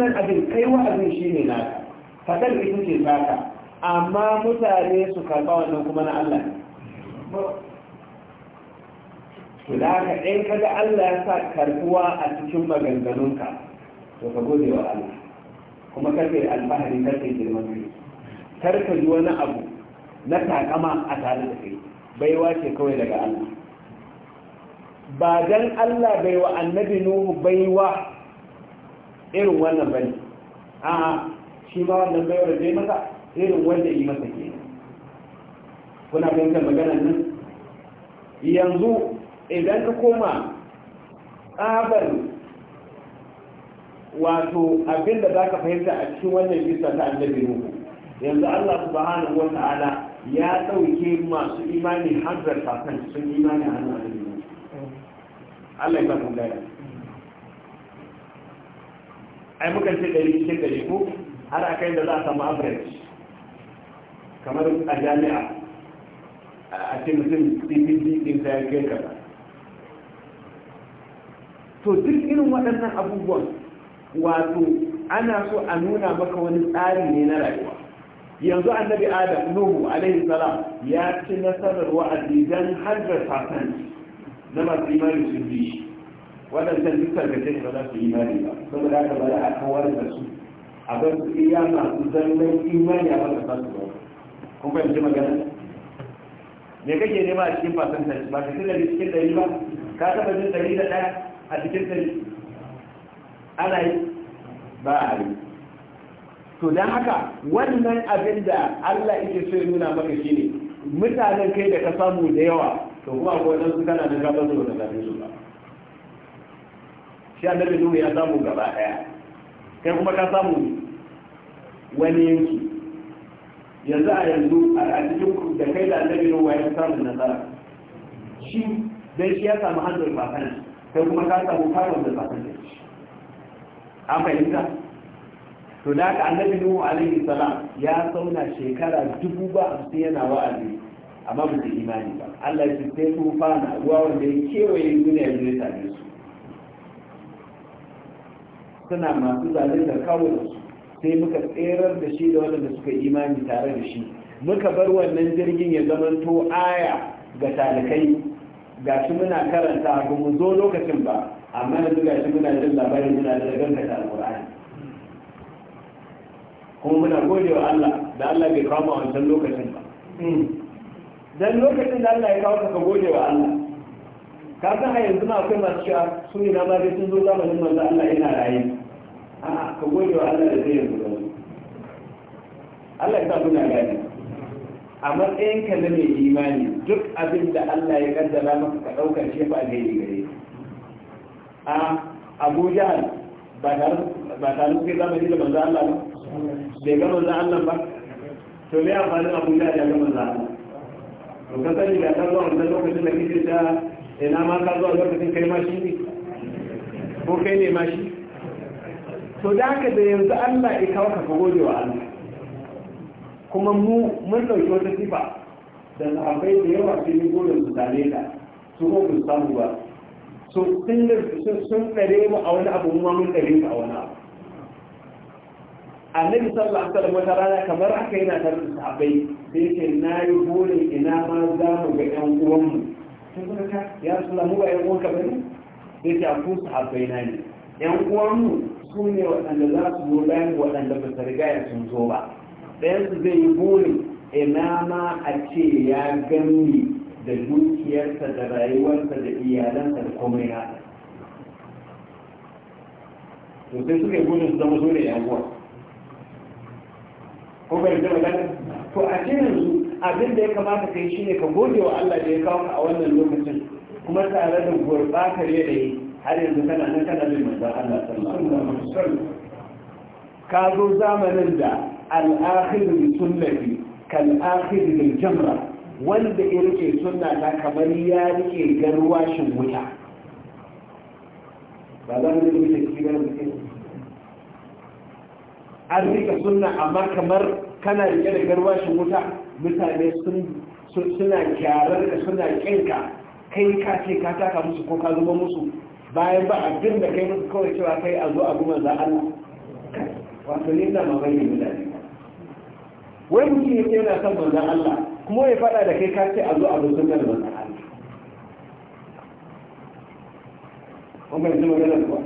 wannan abin kai wa'azin shi ne na fadar ita ce taka amma mutane su karɓa wannan kuma na Allah to da haka ɗin kada Allah ya sa karɓuwa a cikin maganganunka to ka gode wa Allah kuma karfe alfahari karfe girman kai karka ji wani abu na takama a tare da kai baiwa ce kawai daga Allah ba dan Allah bai wa annabi Nuhu baiwa irin wannan bane a shi ba wannan baiwar zai maka irin wanda yi masa ke kuna fahimtar magana nan yanzu idan ka koma tsabar wato abinda za ka fahimta a cikin wannan bisa ta annabi nuhu yanzu Allah subhanahu wa ta'ala ya ɗauke masu imani hanzarta kan sun imani a hannun annabi nuhu Allah ya ba mu gaya ai mukan ce ɗari cikin ɗari ko har a kai da za a samu average kamar a jami'a a ce mutum cpd ɗin ta ya kai to duk irin waɗannan abubuwan wato ana so a nuna maka wani tsari ne na rayuwa yanzu annabi adam nuhu alaihi salam ya ci nasarar wa'azi dan 100% na masu imani sun bi shi Waɗannan duk tarkace ne ba za su yi imani ba saboda haka ba za a kawar da su a bar su iya masu zallan imani a wanda ba su ba kun fahimci magana me kake nema a cikin fasantar ba ka tilla ne cikin ɗari ba ka taɓa jin ɗari da ɗaya a cikin ɗari ana yi ba a yi to don haka wannan abin da Allah yake so ya nuna maka shine mutanen kai da ka samu da yawa to kuma akwai wadansu kana da gabar da ba ta su ba shi annabi nuhu ya samu gaba daya kai kuma ka samu wani yanki yanzu a yanzu a cikin da kai da annabi nuhu ya samu nasara shi dai shi ya samu hanzar bakan kai kuma ka samu karon da bakan da shi an fahimta to da aka annabi nuhu alaihi salam ya sauna shekara dubu ba hamsin yana wa'azi amma ba su imani ba Allah ya ce sai tufa na ruwa wanda ya kewaye duniya ya same su suna masu zalunta kawai sai muka tserar da shi da wadanda suka imani tare da shi muka bar wannan jirgin ya to aya ga talikai shi muna karanta ba mu zo lokacin ba amma yanzu gashi muna jin labarin muna da gankata alƙur'ani kuma muna gode wa Allah da Allah bai kawo mu wancan lokacin ba dan lokacin da Allah ya kawo ka gode wa Allah ka san a yanzu ma akwai masu cewa su ne na ma dai sun zo zamanin manzo Allah yana raye a'a ka gode wa Allah da zai yanzu ba Allah ya sa muna gane a matsayinka na mai imani duk abin da Allah ya kaddara maka ka ɗaukar shi fa alheri gare a Abu Jahal ba tare ba tare kai zamani da manzo Allah ba bai ga manzo Allah ba to me amfanin Abu Jahal ya ga manzo Allah to ka sani da ka zuwa da lokacin da kike da ina ma ka zuwa lokacin kai ma shi ne ko kai ne ma shi to da haka da yanzu Allah ya kawo ka gode wa Allah kuma mu mun ɗauki wata sifa da sahabbai da yawa sun yi gode su same ka, su ko su samu ba so sun sun tsare mu a wani abu mu mun tsare ka a wani abu annabi sallallahu alaihi wasallam wata rana kamar haka yana tare da sahabbai sai ce na yi gode ina ma za mu ga ƴan uwanmu sun zaka ya sallallahu mu ba ƴan uwanka bane sai ce a ku sahabbai na ne ƴan uwanmu su ne waɗanda za su zo bayan waɗanda ba su riga sun zo ba ɗayansu zai yi burin ina ma a ce ya gani da dukiyarsa da rayuwarsa da iyalansa da komai na to sai suka yi burin su zama zo ya yanguwa ko bai zama gani to a ce yanzu abin da ya kamata ka yi shine ka gode wa Allah da ya kawo ka a wannan lokacin kuma tare da gurɓatar yanayi har yanzu kana nan kana bin manzon Allah sallallahu alaihi wasallam ka zo zamanin da al-akhir bi sunnati kal akhir bil jamra wanda ya rike sunna ta kamar ya rike garwashin wuta ba za mu rike shi ga an rike sunna amma kamar kana rike da garwashin wuta mutane sun suna kyarar da suna kinka kai ka ce ka taka musu ko ka zuba musu bayan ba abin da kai masu kawai cewa kai a zo a maza za Allah wato ne na mamaye ne mutane wai mutum yake yana son manzan Allah kuma ya faɗa da kai kace a zo a zo da manzan Allah kuma da magana kuwa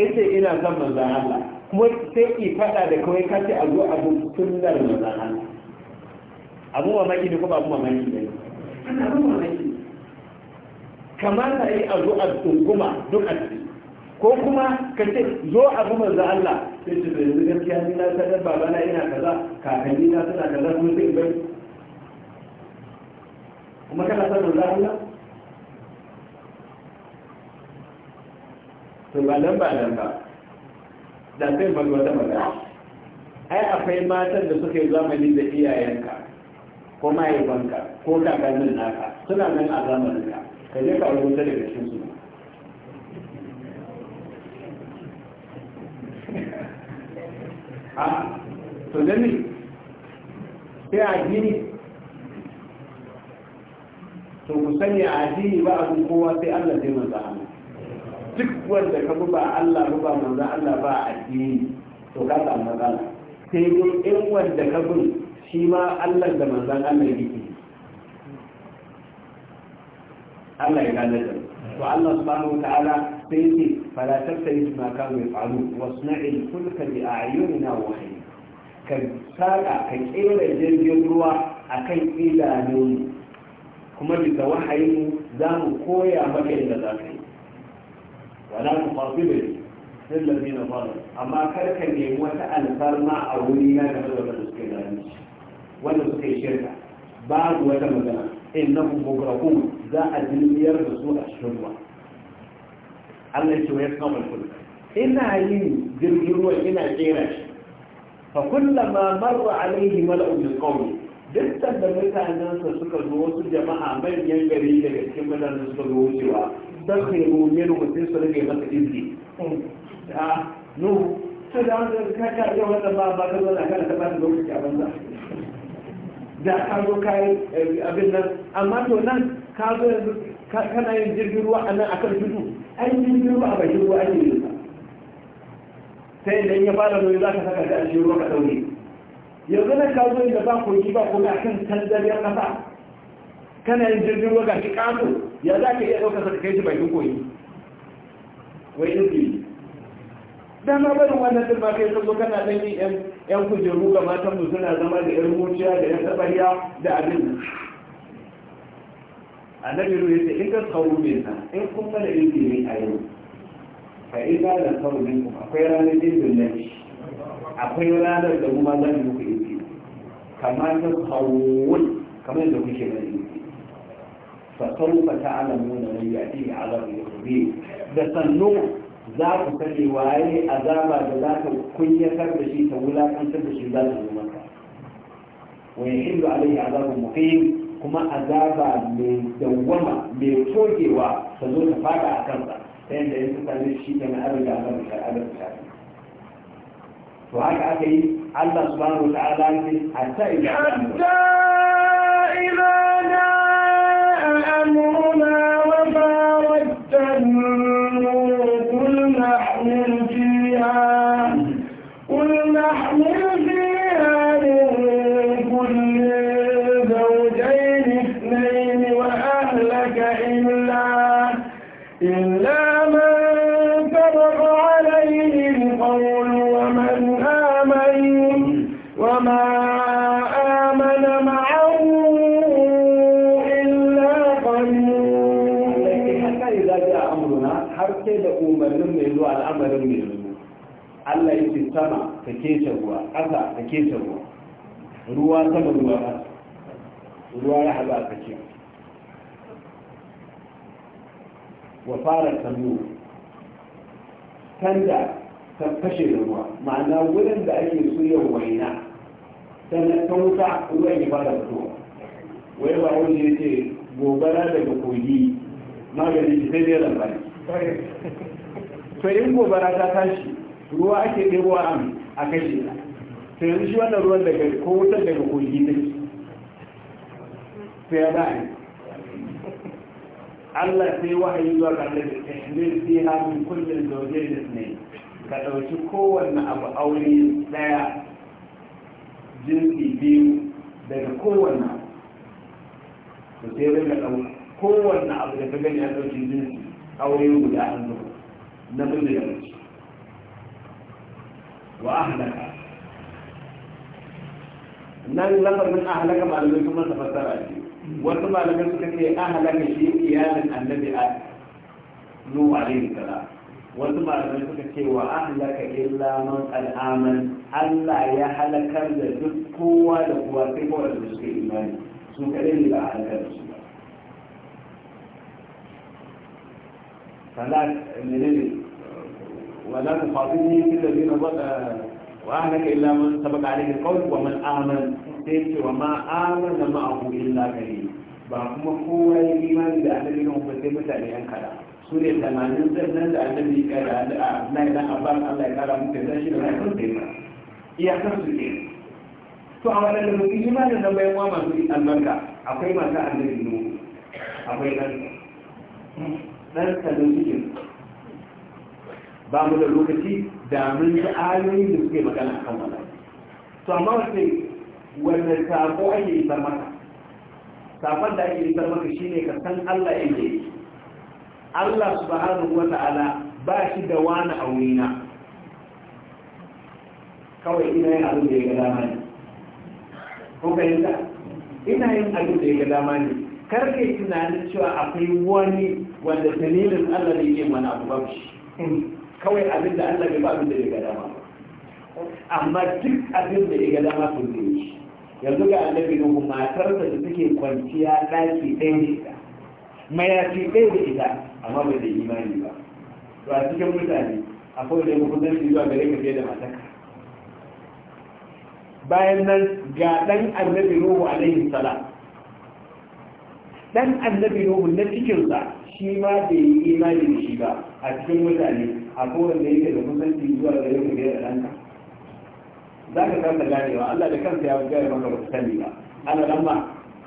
ita ina son manzan Allah kuma sai ki faɗa da kawai kace a zo a zo da manzan Allah abu mamaki ne kuma abu mamaki ne abu mamaki kamata yi a zo a tsunguma duk a ciki ko kuma ka ce zo a bi manzo Allah sai ce yanzu gaskiya ni na sanar babana ina kaza kakanni na suna kaza kuma sai bai kuma kana san manzo Allah to ba nan ba nan ba da sai ba wata magana ai akwai matan da suka yi zamani da iyayenka ko mahaifanka ko kakannin naka suna nan a zamaninka ka je ka rubuta daga cikin su a ah, to ne sai a gini to ku sani a gini ba abin kowa sai Allah zai a Allah duk wanda ka ba Allah ba manza Allah ba addini to ka samu matsala sai dai ɗin wanda ka bin shi ma Allah da manzon Allah yi Allah ya gane da to Allah subhanahu wa ta'ala sai yace fala tabtari ma kanu yafalu wasna'il fulka bi a'yunina wa hayy ka saka ka kera jirgin ruwa akan idanun kuma bisa wahayin za mu koya maka yadda za ka yi wala ku fasibin lillazi na fara amma kar ka nemi wata alfarma a wuri na game da wanda suke zalunci wanda suke shirka babu wata magana innahum mughraqun za a dilmiyar da su a cikin ruwa Allah ce wayar kamar kullu ina yin jirgin ruwa ina kera shi fa kullama marra alaihi mala'un min qawmi duk da mutanen sa suka zo wasu jama'a manyan gari daga cikin mutanen suka zo wucewa sakhiru minhu sai su rage masa izini ah no sai da ka ka ga wannan ba ba ka zo da kana ta ba da lokaci a banza da ka zo kayan eh, abin nan amma to nan ka zo yanzu kana yin jirgin ruwa a nan akan tudu yi jirgin ruwa a bakin ruwa ake yin sai idan ya fara noyi za ka saka da ashe ruwa ka ɗauke yanzu nan ka zo inda ba kogi ba kuma akan ya ƙasa kana yin jirgin ruwa ga shi ƙato ya za ka iya ɗaukar saka kai shi bakin kogi wai ɗin dama barin wannan ɗin ba kai sun zo kana ɗan yin yan kujeru ga matanmu suna zama da yan muciya da yan tabariya da abin biyu ya ce in ka tsawo mai na in kun mana ilimi a yau yi ina da ne min akwai ranar yin da akwai ranar da kuma zan muku ilimi kama ta tsaro kamar da kuke da ilimi fa tsaro fa ta'alamu na yati ala rabbi da sannu za ku sani waye azaba da za ka kunyatar da shi ta wulakantar da shi za ta zo maka wa Hindu alaihi azabun muqim kuma azaba mai dawwama mai togewa ta zo ta fada a kansa ta yadda ya ne shi ta da na arin da akan ta to haka aka yi Allah subhanahu wa ta'ala ne hatta idan zuwa al'amarin mai yanzu allah yake sama ta kece ruwa ƙasa ta kece ruwa ruwa sama ruwa ƙasa ruwa ya haɗa ka ce wa fara kan da ta fashe da ruwa ma'ana wurin da ake suya waina sannan ta wuta ruwa ya fara fitowa wai ba wani ya ce gobara daga kogi magani ki sai dai lambari to gobara ta tashi ruwa ake ɗebo an a kashe ta to yanzu shi wannan ruwan daga ko wutar daga kogi ne to ya za a yi sai wahayi zuwa ga Allah da ihlil fiha min kullin da ne ka ɗauki kowanne abu aure ɗaya jinsi biyu daga kowanne abu to sai rinka kowanne abu da ta gani a ɗauki jinsi aure guda an zuwa نمر يموت وأهلك nan lamar nan ahalaka malamai kuma ta fassara shi wasu malamai suka ce ahalaka shi iyalin annabi a nuhu alaihi salam wasu malamai suka ce wa ahlaka illa man al'aman Allah ya halakar da duk kowa da kowa sai kowa da suka imani su kadai ne ba a halakar da su ba salat menene ولا تخاطبني في الذين وأهلك إلا من سبق عليه القول ومن آمن تيجي وما آمن معه إلا كريم بعضهم هو الإيمان إذا بأهل منهم فتيمة عليهم كلام سورة ثمانين سنة إذا النبي قال لا إله أبان الله قال ممكن تشير لا يكون تيمة iya kan su ke to a wadanda mutum imanin nan bayan wa masu albarka akwai masu annabi nuhu akwai ɗan ɗan kalin cikin ba mu da lokaci da mun ji ayoyin da suke magana a kan wannan to amma wace wanda sako ake isar maka sakon da ake isar maka shine ka san Allah yake yi Allah subhanahu wata'ala ba shi da wani aurina kawai ina yin abin da ya ga dama ne ko fahimta ina yin abin da ya ga dama ne kar ke tunanin cewa akwai wani wanda tanilin Allah ne yake mana abu shi kawai abin da Allah bai ba abin da ya ga dama amma duk abin da ya ga dama sun da shi yanzu ga annabi nuhu matarsa da take kwanciya ɗaki ɗaya da ita mayafi ɗaya da ita amma bai da imani ba to a cikin mutane akwai da mu kusan shi zuwa gare ka da mataka bayan nan ga ɗan annabi nuhu alaihi salam ɗan annabi nuhu na cikinsa shi ma bai yi imani da shi ba a cikin mutane a kowane da yake da kusanci zuwa da yau da ɗanka za ka kasa ganewa Allah da kansa ya gaya maka ba sani ba ana nan ma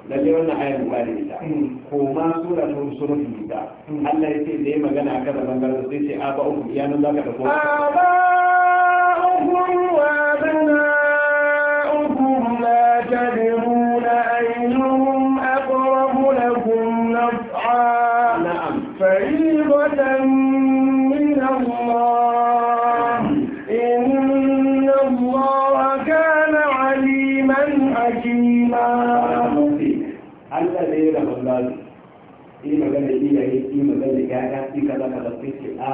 lalle wannan ayar ba da ita mm. ko ma sura ta surutun ita mm. Allah ya ce da ya magana a kada bangaren sai ce a ba uku nan za ka da kowa a ba uku wa bana uku la tadiru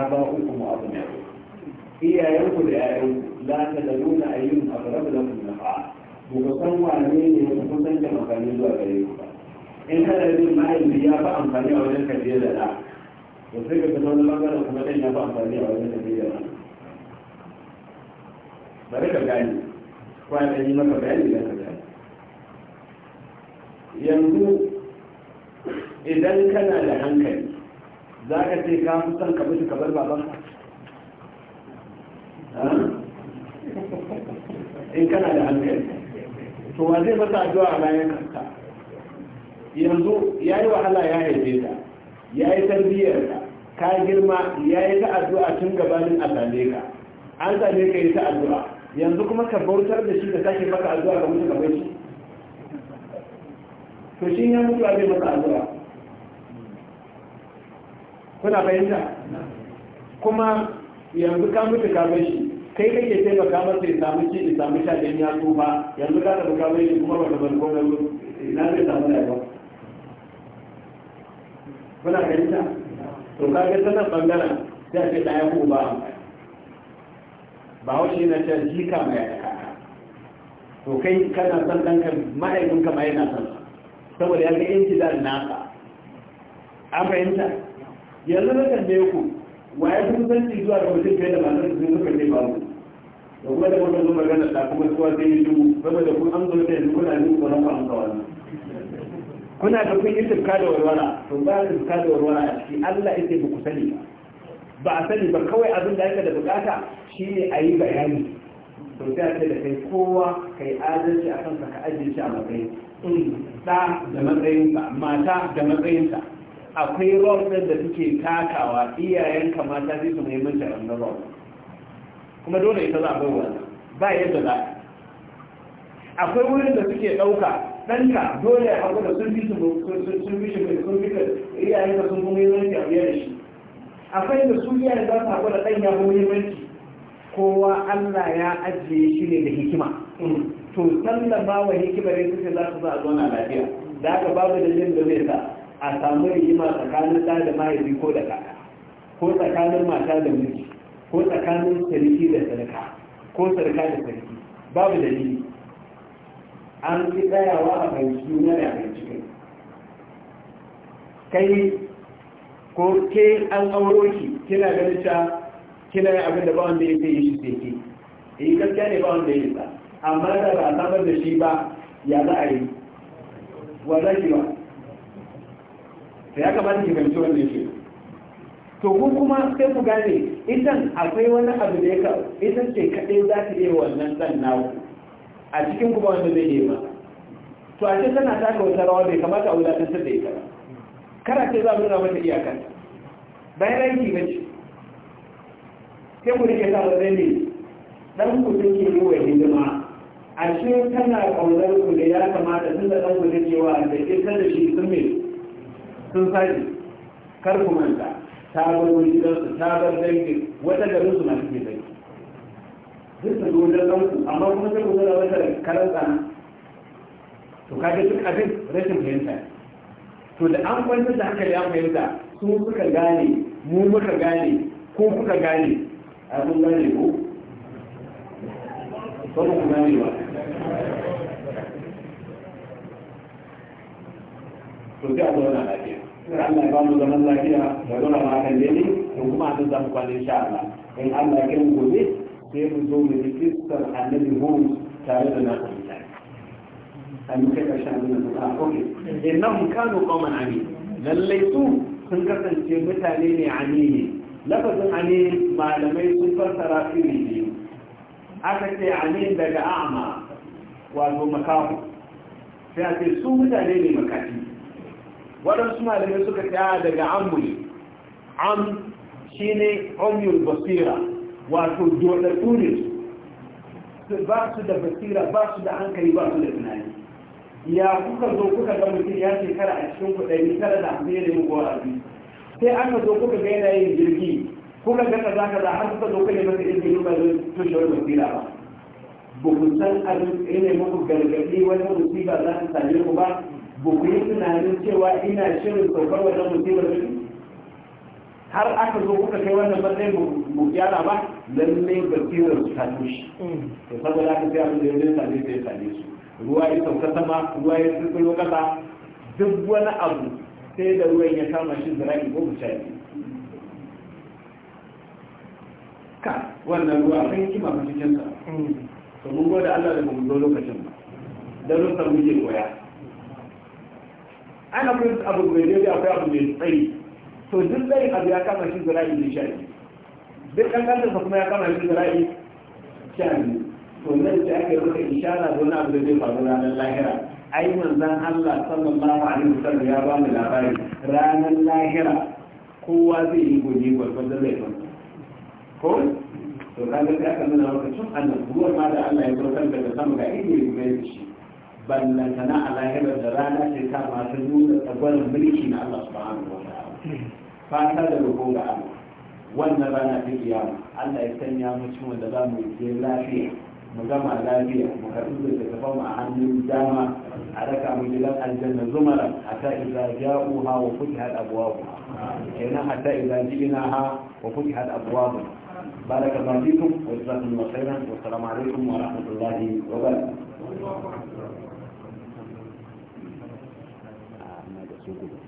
آباؤكم وأبناؤكم هي يوم لآيوم لا تدلون أيهم أقرب لكم نفعا بكسان وعنين يكسان كما كان يدوى كريم إن هذا يدل معي الزيافة أمفاني أولئك كثيرا لا وفكر بسون المقر وكمتين يفع أمفاني أولئك كثيرا لا بركة كاني وأنا أجي مكة بأني لا تدعي yanzu idan kana da za ka ce ka san ka mutu ka bar babanka in kana da hankali to wa zai masa addu'a a bayan kanka yanzu ya yi wahala ya haife ta ya yi tarbiyyar ka ka girma ya yi ta addu'a tun gabanin a ne ka an same ka yi ta addu'a yanzu kuma ka bautar da shi da sake maka addu'a ka mutu ka bai shi to shi ya mutu a zai masa addu'a kuna fahimta kuma yanzu ka mutu ka bar shi kai kake taimaka masa ya samu ci ya samu sha dan ya tsufa yanzu ka tafi ka bar shi kuma baka bar ko yanzu ina zai samu yawa? kuna fahimta to ka ga sanan bangaren sai a ce ɗaya ko ba ba wace na ce jika mai to kai kana son ɗanka ma'aikunka ma yana son saboda ya ga yanci da nasa an fahimta yanzu na tambaye ku waye kun sanci zuwa ga mutum fiye da matar su suka ce ba mu da kuma da wannan zuwa magana da kuma suwa sai yi dubu da kun an zo da yanzu kuna jin tsoron kwanan kawai kuna da kun yi tufka da warwara to ba tufka da warwara a ciki Allah yake ba ku sani ba a sani ba kawai abin da aka da bukata ne a yi bayani to sai ce da kai kowa kai adalci a kansa ka ajiye shi a matsayin ɗa da matsayinsa mata da matsayinsa akwai rol ɗin da suke takawa iyayen kamata sai su muhimmanci wannan rol kuma dole ita za a bai ba yadda za akwai wurin da suke ɗauka ɗanka dole a kuma sun fi su sun fi shi sun fi iyayen ka sun fi muhimmanci a biyar shi akwai da su iyayen za su haƙura ɗan ya fi muhimmanci kowa Allah ya ajiye shi ne da hikima to sallama wa hikimar ne suke za su za a na lafiya da haka babu jin da zai sa a samu rigima tsakanin ɗa da mahaifi ko da kaka ko tsakanin mata da mulki, ko tsakanin sarki da sarka ko sarka da sarki babu dalili an fi tsayawa a fahimci na da fahimci kai kai ko ke an auro ki kina ganin ta kina yin abin da ba wanda ya yi shi sai ke eh gaskiya ne ba wanda ya yi sa amma da ba a samar da shi ba ya za a yi wa za ki ba da ya kamata ki fahimci wannan shi to ku kuma sai ku gane idan akwai wani abu da ya idan ce kaɗai za ta iya wannan ɗan nawo a cikin kuma wanda zai yi ba to a ce tana taka wata rawa bai kamata a ta da ita ba kara ce za mu nuna mata iyaka bayan aiki ba ce sai ku rike sa zai ne ɗan ku sun ke yi wa hidima a ce tana ƙaunar ku da ya kamata tun da ɗan ku zai cewa da ita da shi sun mai sun sani kar ku manta ta bar gidansu ta bar dangin wata garin su na suke zai duk da zuwa dan ku amma kuma sai ku zara wata karan tsana to kaga duk abin rashin fahimta to da an kwanta da haka ya fahimta su suka gane mu muka gane ko kuka gane a mun gane ko mu ku gane ba to sai a zauna Allah ya ba mu zaman lafiya da zama ma kan daidai in kuma a za mu kwana insha Allah in Allah ya kai gobe sai mu zo mu rikistar annabi Muhammad tare da na kwanta an kai karshen abin da a oke innahum kanu qauman amin lallai su sun kasance mutane ne amini lafazin amin malamai sun fassara iri biyu aka ce amin daga a'ma wato makafu sai a ce su mutane ne makafi waɗansu malamai suka tsaya ah, daga ammu am shi ne omiyar basira wato doɗaɗɗu ne ba su da basira ba su da hankali ba su da tunani ya kuka zo kuka ga mutum ya shekara a cikin kuɗari tara da hamsin yana yin gora biyu sai aka zo kuka ga yana yin jirgi kuka ga kaza kaza har kuka zo kuka masa izini ba zai tushe wani basira ba ba ku san abin ne muku gargaɗi wani musiba za ta same ku ba ba yi tunanin cewa ina shirin saukar wannan musibar da har aka zo kuka kai wannan matsayin mu gyara ba lallai basirar su ta tushe to saboda aka sai abin da ya zai same su ya same su ruwa ya sauka sama ruwa ya tsirkiro kasa duk wani abu sai da ruwan ya kama shi zira'i ko mu shafi ka wannan ruwa akwai hikima a cikin sa mm. to mun gode Allah da mu zo lokacin ba darussan muke koya ana kun abu mai daidai akwai abu mai tsayi to duk zai abu ya kama shi zira'i ne sha duk sa kuma ya kama shi zira'i sha to nan ta aka yi maka ishara da wani abu da zai faru ranar lahira ai manzon Allah sallallahu alaihi wasallam ya ba mu labari ranar lahira kowa zai yi gobe gwargwadon laifin ko to kaga sai aka nuna maka tun annabuwar ma da Allah ya zo kan daga sama ga inda ya mai shi ballantana a lahirar da rana ce ta masu nuna tsagwarin mulki na Allah subhanahu wa ta'ala fata da roƙo ga Allah wannan rana ta kiyama Allah ya sanya mu cikin wanda za mu je lafiya mu gama lafiya mu karɓi da tafa mu a hannun dama a raka mu gidan aljanna zumara hatta idza ja'uha wa futihat abwabuha kenan hatta idza ji'naha wa futihat abwabuha بارك الله فيكم وجزاكم الله خيرا والسلام عليكم ورحمه الله وبركاته Gracias.